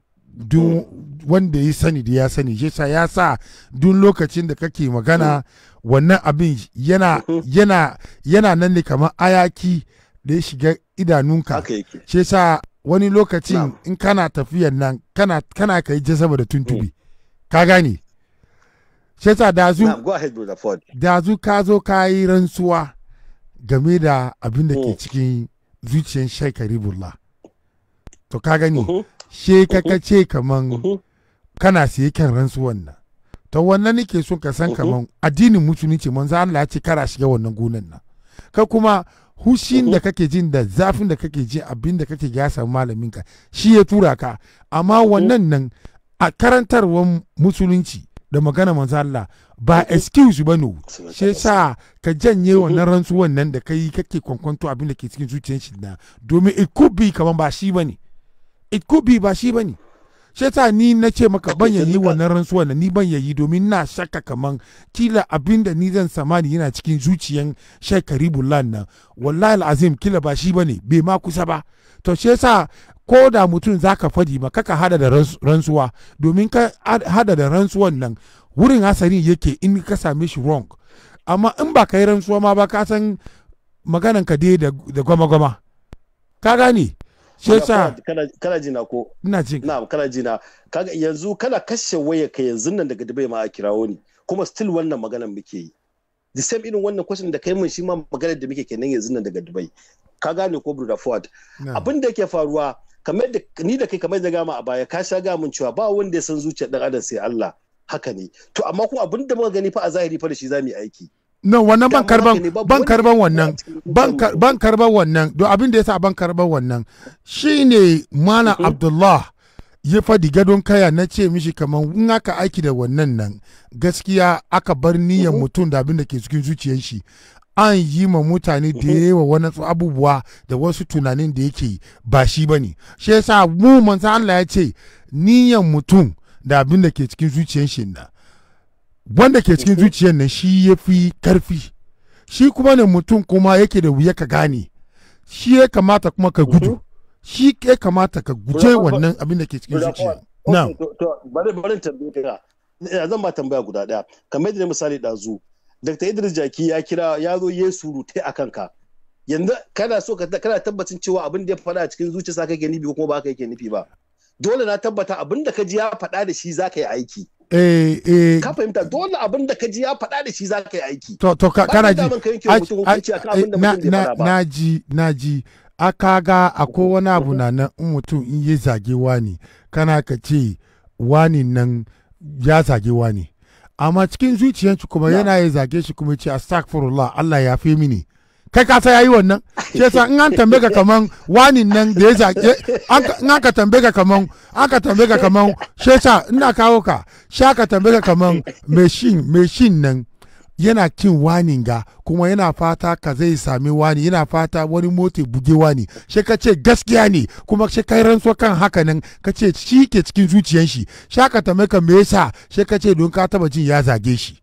duk wanda ya sani da ya sani yasa ya sa duk lokacin da kake magana mm. wannan abin mm-hmm. yana yana nan ne kamar ayaki da ya shiga idanunka shi wani lokacin in kana tafiyan nan kana kana kai je da tuntubi mm. ka gane shi sa dazu dazu ka zo ka yi rantsuwa game da abin da ke mm. cikin zuciyar shekari burla to ka gani mm-hmm. she ka mm-hmm. ce kaman mm-hmm. kana siye kan rantsuwan nan to wannan nake son ka san kaman addinin musulunci manzo Allah ya ce kara shiga wannan gonan nan ka kuma hushin da kake jin da zafin da kake ji abin da kake ya samu malaminka shi ya tura ka amma wannan nan a karantarwar musulunci da magana manzo Allah ba excuse ba no shi sa ka janye wannan rantsu nan da kai kake kwankwanto abin da ke cikin zuciyar shi na domin it could be kaman ba shi bane it could be ba shi bane shi yasa ni na ce maka ban yayi wannan rantsuwa ni ban yayi domin na shakka kaman kila abin da ni zan samani yana cikin zuciyan Sheikh Karibullah nan wallahi al'azim kila ba shi bane bai ma kusa ba to shi yasa ko da mutum zaka fadi ma kaka hada da rantsuwa domin ka hada da rantsuwan nan wurin hasari yake in ka same shi wrong amma in ba ka yi rantsuwa ma ba ka san maganan ka dai da gwama-gwama ka gane shi kana jina ko ina ji na kana jina kaga yanzu kana kashe waya ka yanzu nan daga Dubai ma a kirawo ni kuma still wannan maganar muke yi the same irin wannan question da kai mun shi ma maganar da muke kenan yanzu nan daga Dubai ka gane ko Brother Ford abin da yake faruwa kamar da ni da kai kamar da gama a baya ka sha ga mun cewa ba wanda ya san zuciyar dan adam sai Allah haka ne to amma kuma abin da muka gani fa a zahiri fa da shi zamu yi aiki no wannan ban karban ban karban wannan ban karban wannan don abin da yasa ban karban wannan shine mana mm-hmm. abdullah ya fadi gadon kaya na ce mishi kamar in aka aiki da wannan nan gaskiya aka bar niyan mm-hmm. mutum da abin da ke cikin zuciyar an yi ma mutane da mm-hmm. yawa wani abubuwa da wasu tunanin da yake ba shi bane shi sa mu Allah ya ce mutum da abin ke cikin zuciyar na wanda ke cikin zuciyar nan shi ya fi karfi shi kuma ne mutum kuma yake da wuya ka gane shi ya kamata kuma ka gudu shi ya kamata ka guje wannan abin da ke cikin zuciya na bari bari tambaya zan ba tambaya guda daya kamar yadda misali dazu Dr. Idris Jaki ya kira ya zo ya rute a kanka yanzu kana so kana tabbacin cewa abin da ya faɗa a cikin sa kake nufi ko kuma ba ka yake nufi ba dole na tabbata abin da ka ji ya faɗa da shi za ka yi aiki eh eh ka fahimta dole abin da ka ji ya faɗa da shi za ka yi aiki to to kana ji na ji na ji a kaga akwai wani abu na nan in mutum in ya zage wani kana ka ce wani nan ya zage wani amma cikin zuciyarci kuma yana ya zage shi kuma ce astaghfirullah Allah ya fi mini kai ka sai yayi wannan shi yasa in an tambaye ka kaman wani nan da ya zage in aka tambaye ka kaman aka tambaye ka kaman shi yasa ina kawo ka shi aka tambaye ka kaman meshin meshin nan yana kin wani ga kuma yana fata ka zai sami wani yana fata wani mota buge wani shi ka ce gaskiya ne kuma shi kai rantsuwa kan haka nan ka ce shi ke cikin zuciyan shi shi aka tambaye ka me yasa shi ka ce don ka taba jin ya zage shi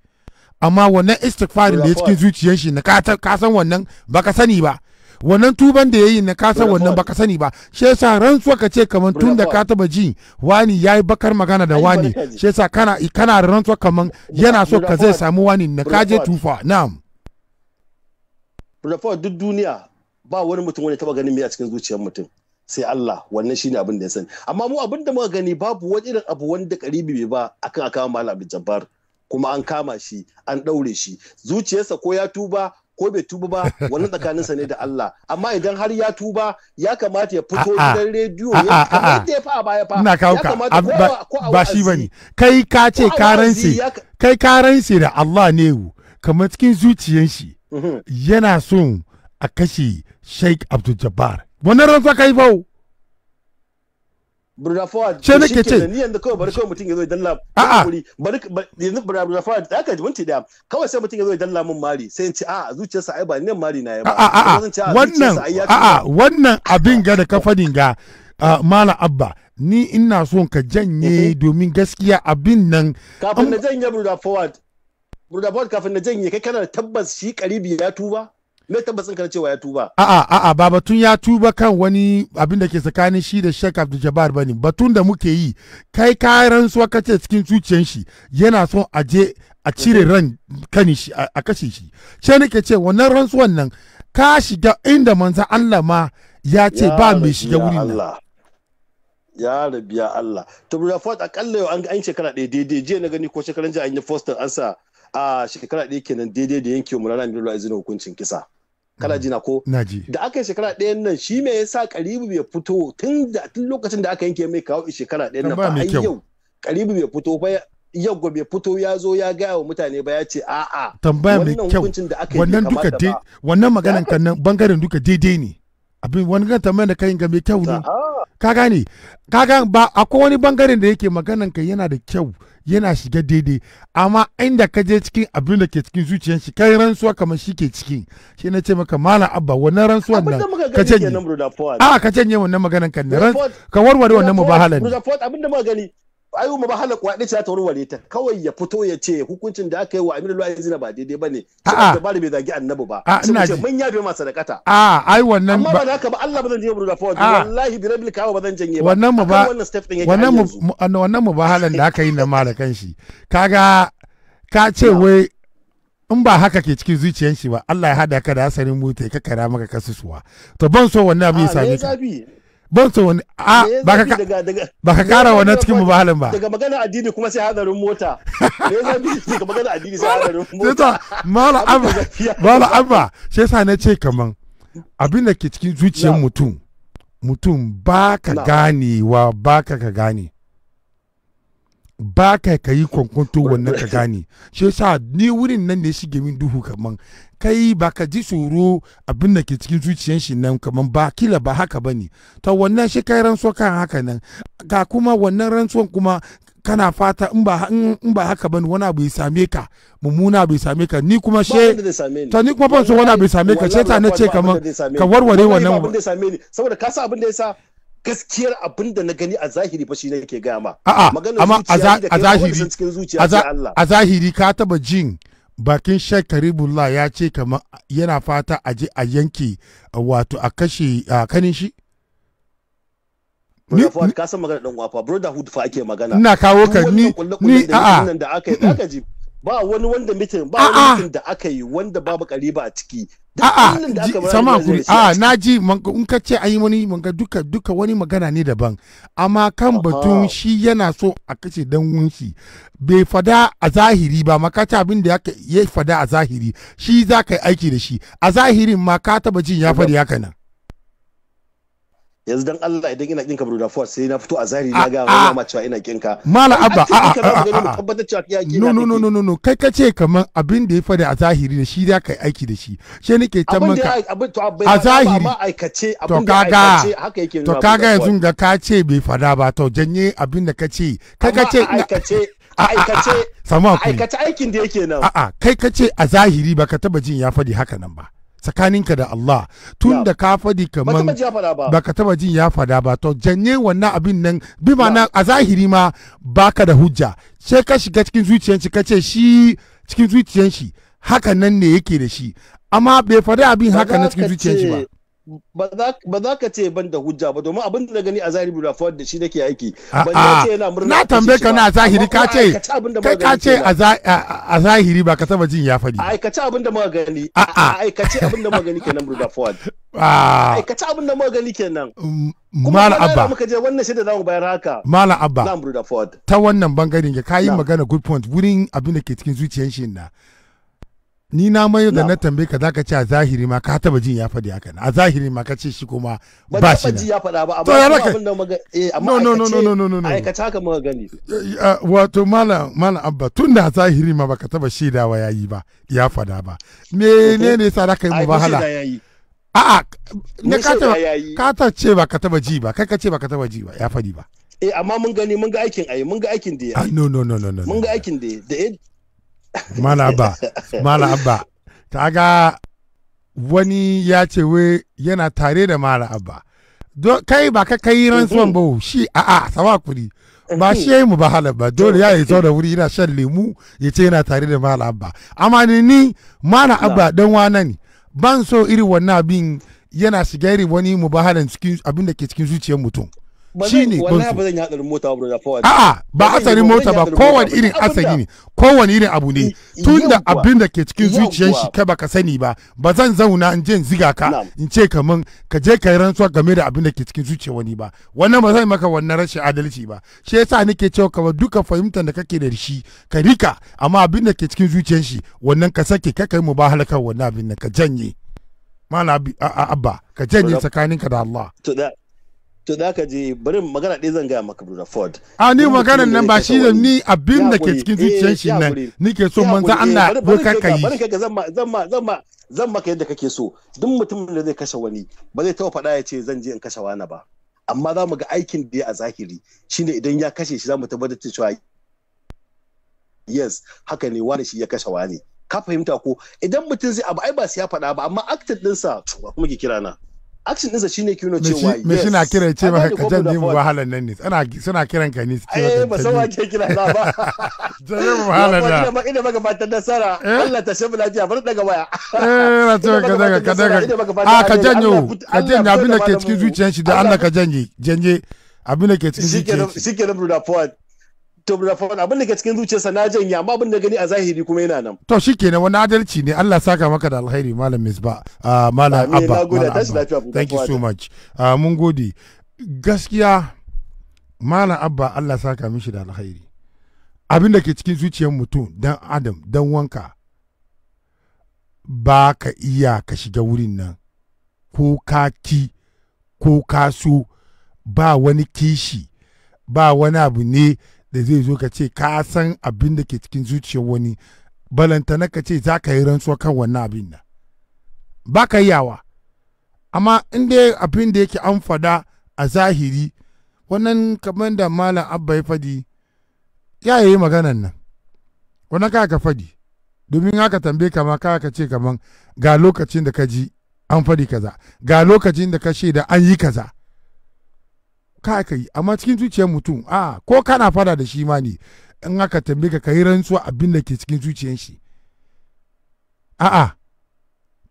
amma wannan istighfarin da ya cikin zuciyar shi na ka san wannan baka sani ba wannan tuban da ya yi na san wannan baka sani ba shi yasa rantsuwa ka ce kamar tun da ka taba ji wani ya yi bakar magana da wani shi yasa kana kana rantsuwa kamar yana so ka zai samu wani na je tufa na'am Rafa duk duniya ba wani mutum wani taba ganin me a cikin zuciyar mutum sai Allah wannan shine abin da ya sani amma mu abin da muka gani babu wani irin abu wanda karibi bai ba akan akan Malam Jabbar kuma an kama shi an ɗaure shi zuciyarsa ko ya tuba ko bai tuba ba wannan tsakaninsa ne da Allah amma idan har ya tuba ya kamata ya fito gidan rediyo ya kamata ya fa a baya fa ina kawo ka ba shi bane kai ka ce karansi kai karansi da Allah ne wu kamar cikin zuciyar shi mhm. yana son a kashe Sheikh Abdul Jabbar wannan rantsa kai fa Burda Fawad ce ke ce ni yanzu kawai bari kawai mutum ya zo ya dalla a'a bari yanzu Burda Fawad da aka minti da kawai sai mutum ya zo ya dalla mun mari sai in ce a'a zuciyarsa ai ba ne nan mari na ya ba a'a wannan a'a wannan abin ga da ka fadin ga ah, Malam abba ni ina son ka janye mhm. domin gaskiya abin nan kafin na janye Burda Fawad Burda Fawad kafin na janye kai kana tabbas shi karibi ya tuba me tabbacin kana cewa ya tuba a'a a'a ba batun ya tuba kan wani abin da ke tsakanin shi da Sheikh Abdul Jabbar bane batun da muke yi kai ka rantsuwa kace cikin zuciyar shi yana son a je a cire mhm. ran kani shi a kashe shi ce nake ce wannan rantsuwan nan ka shiga inda manzo Allah ma ya ce ba mai shiga wurin nan ya rabi ya Allah to brother Ford akalla yau an an shekara ɗaya daidai jiya na gani ko shekaran jiya an yi foster an sa a shekara ɗaya kenan daidai da yanke mu rana mai izinin hukuncin kisa kana mm. ji na ko da aka yi shekara ɗayan nan shi me yasa karibu bai fito tun da tun lokacin da aka yanke mai kawo shekara ɗayan nan ba ai yau karibu bai fito ba yau gobe fito ya zo ya gaya wa mutane ba ya ce a'a tambaya mai kyau wannan duka dai wannan maganan kan nan bangaren duka daidai ne abin wani kan tambaya da kai ga mai kyau ne ka gane ka ba akwai wani bangaren da yake maganan kan yana da kyau yana shiga daidai amma inda ka je cikin abin da ke cikin zuciyar shi kai rantsuwa kamar shi ke cikin shi na ce maka mala abba wannan rantsuwan nan ka canje a ka canje wannan maganan kan ka warware wannan mubahalan abin da muka gani ayu ma ba bahala kwaɗe dace ta warware ta kawai ya fito ya ce hukuncin da aka yi wa Aminu Luwaye Zina ba daidai bane da bai zagi annabi ba sai ce mun yabe masa da a a'a ai wannan amma ba da haka ba Allah ba zan je da fawad wallahi bi rabbil kawa ba zan janye ba wannan mu ba wannan mu wannan mu ba halan da aka yi na malakan shi kaga ka ce wai in ba haka ke cikin zuciyar shi ba Allah ya hada ka da asarin mutai ka kara maka kasusuwa to ban so wannan abin ya same ka ban so wani a ba ka kara wani cikin mubahalin ba daga magana addini kuma sai hadarin mota daga magana addini sai hadarin mota mala amma mala na ce kaman abin da ke cikin zuciyar mutum mutum ba ka ganewa ba ka ka gane ba ka ka yi kwankwanto wannan ka gane shi yasa ni wurin nan ne shige min duhu kaman kai ba ka ji tsoro abin da ke cikin zuciyan shi nan kaman ba kila ba haka bane to wannan shi kai rantsuwa kan haka nan ga kuma wannan rantsuwan kuma kana fata in ba in ba haka bane wani abu ya same ka mummuna bai same ka ni kuma she ta ni kuma ban so wani abu ya same ka shi ta na ce kaman ka warware wannan saboda ka abin da yasa gaskiyar abin da na gani a zahiri fa shi ne ke gaya ma a'a amma a zahiri a zahiri ka taba jin bakin Sheikh Karibullah ya ce kamar yana fata a je a yanke wato a kashe a kanin shi Ni ka san magana dan wafa brotherhood fa ake magana ina kawo ka ni ni a'a ba wani wanda mutum ba wani mutum da aka yi wanda babu kariba a ciki a'a sama kuri na ji in ka ce an yi wani manga duka duka wani magana ne daban amma kan batun shi yana so a kashe dan wunshi bai fada a zahiri ba maka ta abin da ya fada a zahiri shi za ka yi aiki da shi a zahirin ma ka taba jin ya fadi haka nan yanzu dan Allah idan ina kinka Bruda Ford sai na fito a zari na ah, ga wannan ah. ma cewa ina kinka mala abba a a a no no no no no kai ka ce kaman abin da ya fada a zahiri ne shi da kai yi aiki da shi she nake can maka a zahiri to kaga to kaga yanzu ga ka ce bai fada ba to janye abin da ka ce kai ka ce aikace ah, aikace aikin da yake nan a a kai ka ce a zahiri ba ka taba jin ya fadi haka nan ba tsakaninka da Allah tun da ka fadi kaman ba ka taba jin ya fada ba to janye wannan abin nan bi na a zahiri ma baka da hujja sai ka shiga cikin zuciyar shi kace shi cikin zuciyar shi nan ne yake da shi amma bai fada abin haka na cikin zuciyar ba ba za ka ce ban da hujja ba domin abin da gani a zahiri da fawar da shi nake aiki ba ce yana murna na tambaye ka na zahiri ka ce kai ka ce a zahiri ba ka taba jin ya faɗi a aikace abin da muka gani a aikace abin da muka gani kenan burda fawar a aikace abin da muka gani kenan ah. mm, mala abba muka je wannan shi da zamu bayar haka mala abba ta wannan bangaren ka yi magana good point wurin abin da ke cikin zuciyar shi na ni na mayo da na tambaye ka zaka ce a zahiri ma ka taba jin ya faɗi haka a zahiri ma ka ce shi kuma ba shi ba ya faɗa ba amma abin da maga eh, amma no no no no no no aikata haka muka gani eh, eh, wato malam malam abba tun da zahiri ma baka taba shaidawa yayi ba ya faɗa ba menene yasa zaka yi a a ne ka taba ka ta ce ba ka taba ji ba kai ka ce ba ka taba ji ba ya faɗi ba eh amma mun gani mun ga aikin ayi mun ga aikin da ya no no no no no mun ga aikin da da malaba abba abba kaga wani ya ce we yana tare da malaba kai ba ka kai rantsuwan ba mhm. shi a a sawa kuri ba mhm. shi yayi mu ba halar ba dole ya yi zo da eh. wuri yana shan lemu ya ce yana tare da malaba abba amma ni ni malaba abba dan wana ne ban so iri wannan abin yana shiga irin wani mubahalan cikin abin da ke cikin zuciyar mutum shine ne wallahi ba zan yi mota ba forward a'a ba hatsarin mota ba kowane irin asali ne kowane irin abu ne da abin da ke cikin zuciyar shi kai baka sani ba ba zan zauna in je in ziga ka in ce kaman ka je ka yi rantsuwa game da abin da ke cikin zuciyar wani ba wannan ba zai maka wannan rashin adalci ba shi yasa nake cewa ka duka fahimtar da kake da shi ka rika amma abin da ke cikin zuciyar shi wannan ka sake ka kai mu ba kan wannan abin da ka janye mala abba ka janye tsakaninka da Allah to da ka je bari magana ɗaya zan gaya maka brother Ford. A ni magana nan ba shi da ni abin da ke cikin eh, zuciyar shi nan ni ke so manzo Allah eh, ko ka kai. Bari ka zan ma zan ma zan ma zan maka yadda kake so duk mutumin da zai kashe wani ba zai taɓa faɗa ya ce zan je in kashe wani ba amma za mu ga aikin da ya a zahiri shine idan ya kashe shi za mu tabbatar da cewa yes haka ne wani shi ya kashe wani ka fahimta ko idan mutum zai abu ai ba su ya faɗa ba amma aktin ɗinsa kuma ke kira na action ɗinsa shine ke nuna cewa yes me na kiran ce maka ka jan mu wahalar nan ne Ana suna kiran ka ne su ce eh ba san ke kira na ba jan mu wahalar da kuma ina maka fatan nasara eh? Allah ta shafi lafiya bar daga waya eh ba ce ka daga ka daga a ah, ka janyo ka janyo abin da ke cikin zuciyar shi da Allah ka janye janye abin da ke cikin zuciyar shi Shi ke shikenan Bruda Fuad to da abin da ke cikin zuciyarsa na janya amma abin da gani a zahiri kuma yana nan to shikenan wani adalci ne Allah saka maka da alkhairi malam Misba ah, malam Abba thank you so much ah, mun gode gaskiya malam Abba Allah saka mishi da alkhairi abin da ke cikin zuciyar mutum dan Adam dan wanka ba ka iya ka shiga wurin nan ko ka ki ko ka so ba wani kishi ba wani abu ne da zai zo ka ce ka san abin da ke cikin zuciyar wani balantana na ka ce za ka yi rantsuwa kan wannan abin da ba ka yawa amma inda abin da yake an fada a zahiri wannan kamar da malam abba ya fadi ya yi maganan nan wani ka ka fadi domin haka tambaye kama ka ka ce kamar ga lokacin da ka ji an fadi kaza ga lokacin da ka shaida an yi kaza ka ka yi amma cikin zuciyar mutum a ko kana fada da shi ma ne in aka tambaye ka kai rantsu abin da ke cikin zuciyar shi a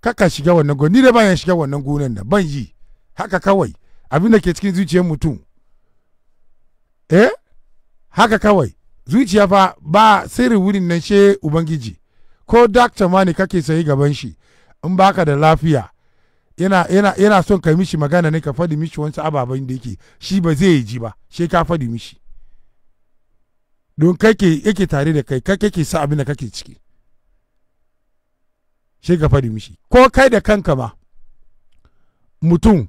kaka shiga wannan gona ni da ban shiga wannan gonan da ban yi haka kawai abin da ke cikin zuciyar mutum eh haka kawai zuciya fa ba sirri wurin nan she ubangiji ko dakta ma ne kake sayi gaban shi in baka da lafiya yana son ka mishi magana ne ka faɗi mishi wasu ababen da yake shi ba zai ji ba shi ka faɗi mishi don kai ke yake tare da kai kai kake sa abin da kake ciki shi ka faɗi mishi ko kai da kanka ma mutum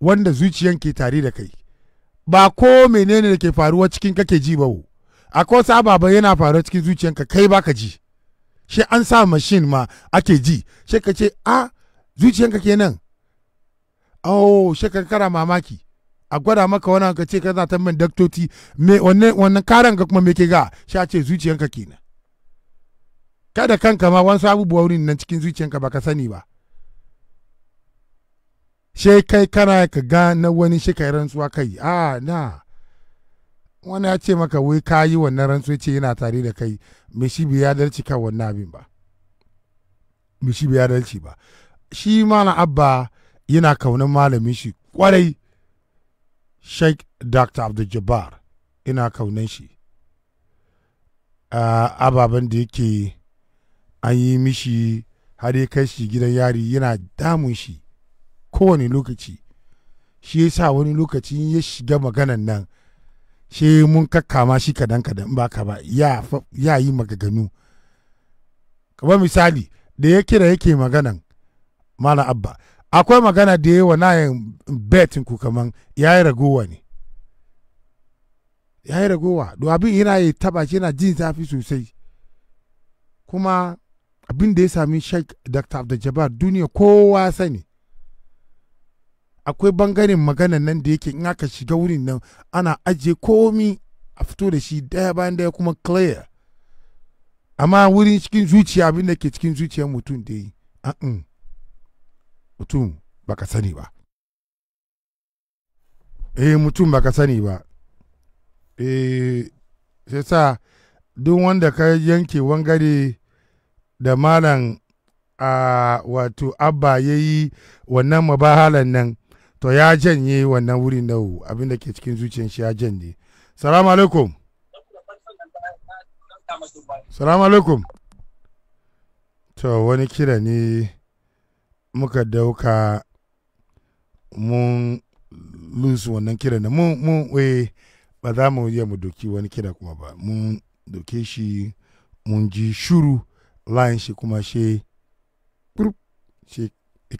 wanda zuciyan ke tare da kai ba ko menene da ke faruwa cikin kake ji ba a ko ababen yana faruwa cikin zuciyanka kai baka ji shi an sa mashin ma ake ji shi ka ce a ah, zuciyanka kenan oh shekar kara mamaki a gwada maka wani ka ce za ta min daktoti me wannan karan ka kuma me ke ga sha ce zuciyanka kenan kada kanka ma wani abubuwa wurin nan cikin zuciyanka ba ka sani ba she kai kana ka ga na wani shi rantsuwa kai a na wani ya ce maka wai ka yi wannan rantsu ce yana tare da kai me shi bai ya dalci kan wannan abin ba me shi bai ya dalci ba shi mana abba yana kaunar malamin shi kwarai sheikh dr abdul-jabbar ina kaunar shi uh, ababen da yake an yi mishi har ya kai shi gidan yari yana damun shi kowane lokaci shi ya sa wani lokaci ya shiga maganan nan shi mun kakkama shi kadan-kadan ba ka ba ya yi magaganu kamar misali da ya kira yake maganan mala abba akwai magana da ya yi wa nayin betin ku kaman ya yi ragowa ne ya yi ragowa do abin yana yi taba shi yana jin zafi sosai kuma abin da ya sami sheik dr abdul duniya kowa sani akwai bangaren maganan nan da yake in aka shiga wurin nan ana ajiye komi a fito da shi daya bayan daya kuma clear amma wurin cikin zuciya abin da ke cikin zuciyar mutum da yi uh-uh. mutum baka sani ba eh mutum baka sani ba eh sai sa duk wanda ka yanke wangare da malam a wato abba ya yi wannan mabahalan nan to ya janye wannan wurin nau abin da ke cikin zuciyar shi ya janye salamu alaikum salamu alaikum to wani kira ne muka dauka mun lusu wannan kiran da mun mun eh, ba za mu iya mu doki wani kira kuma ba mun doke shi mun ji shuru layin shi kuma she group she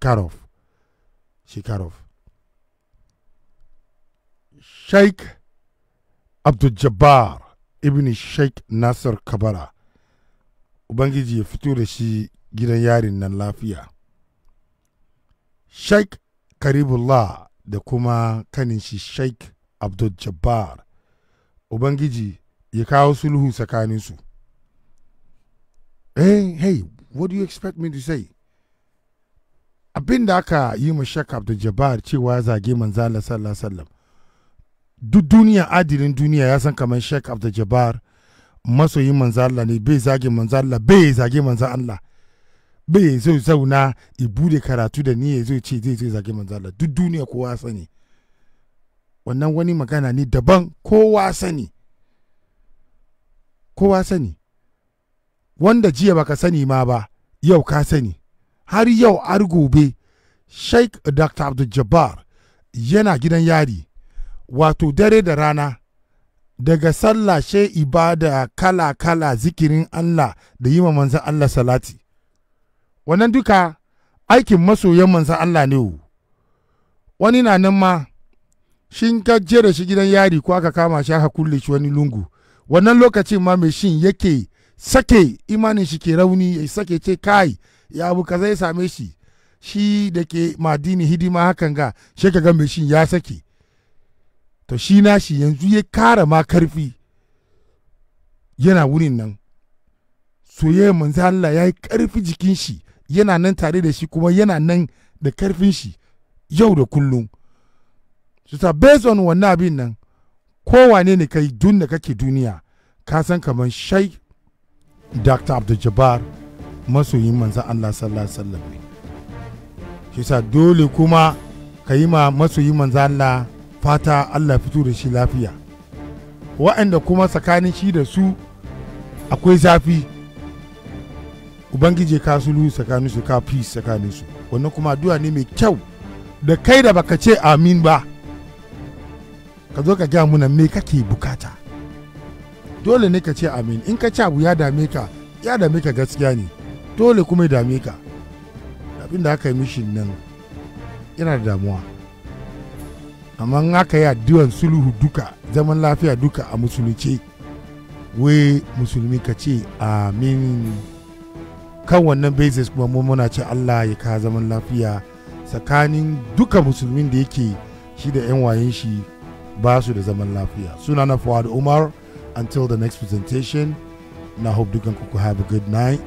cut off sheikh abdul jabbar ibn sheikh nasir kabara ubangiji ya fito da shi gidan yarin nan lafiya Sheikh Karibullah da kuma kanin shi Sheikh Abdul Jabbar, Ubangiji ya kawo sulhu tsakaninsu. Hey, eh, hey, what do you expect me to say? Abin da aka yi ma Sheikh Abdul Jabbar cewa ya zage manzala sallallahu wasallam. Duk duniya adilin duniya ya san kamar Sheikh Abdul Jabbar masoyin manzala ne bai zage Allah bai zage manzo Allah bai zai zauna ya bude karatu da ni ya zai ce zai zai zage Allah duk duniya kowa sani wannan wani magana ne daban kowa sani kowa sani wanda jiya baka sani ma ba yau ka sani har yau har gobe sheikh dr abdul jabbar yana gidan yari wato dare da rana daga sallah sai ibada kala-kala zikirin allah da yi wa manzan allah salati wannan duka aikin masoyan manzan Allah ne o wani na nan ma shin ka da shi gidan yari ko aka kama shi aka kulle shi wani lungu wannan lokacin ma mai shin yake sake imanin shi ke rauni ya sake ce kai ya abu kaza ya same shi shi da ke madini hidima hakan ga shi ka mai shin ya sake to shi na shi yanzu ya kara ma karfi yana wurin nan soyayya manzo Allah ya yi karfi jikin shi yana nan tare da shi kuma yana nan da karfin shi yau da kullum su ta based on wannan abin nan kowane ne kai dun da kake duniya ka san kamar shai dr abdul masoyin manzan allah sallallahu sallam sa dole kuma ka yi ma masoyin manzan allah fata allah fito da shi lafiya wa'anda kuma tsakanin shi da su akwai zafi ubangiji ka sulhu tsakanin su ka peace tsakanin su wannan kuma addu'a ne mai kyau da kai da baka ce amin ba ka zo ka gaya muna me kake bukata dole ne ka ce amin in ka ci abu ya dame ka ya dame ka gaskiya ne dole kuma ya dame ka abin da aka yi mishi nan yana da damuwa amma in aka yi addu'an sulhu duka zaman lafiya duka a musulunci wai musulmi ka ce amin kan wannan basis kuma mu muna ce Allah ya ka zaman lafiya tsakanin duka musulmin da yake shi da 'yan wayen shi ba su da zaman lafiya suna na Fuad Umar until the next presentation na hope dukan ku have a good night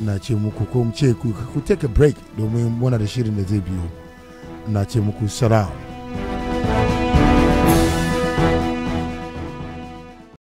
na ce muku ko ce ku take a break domin muna da shirin da zai biyo na ce muku salam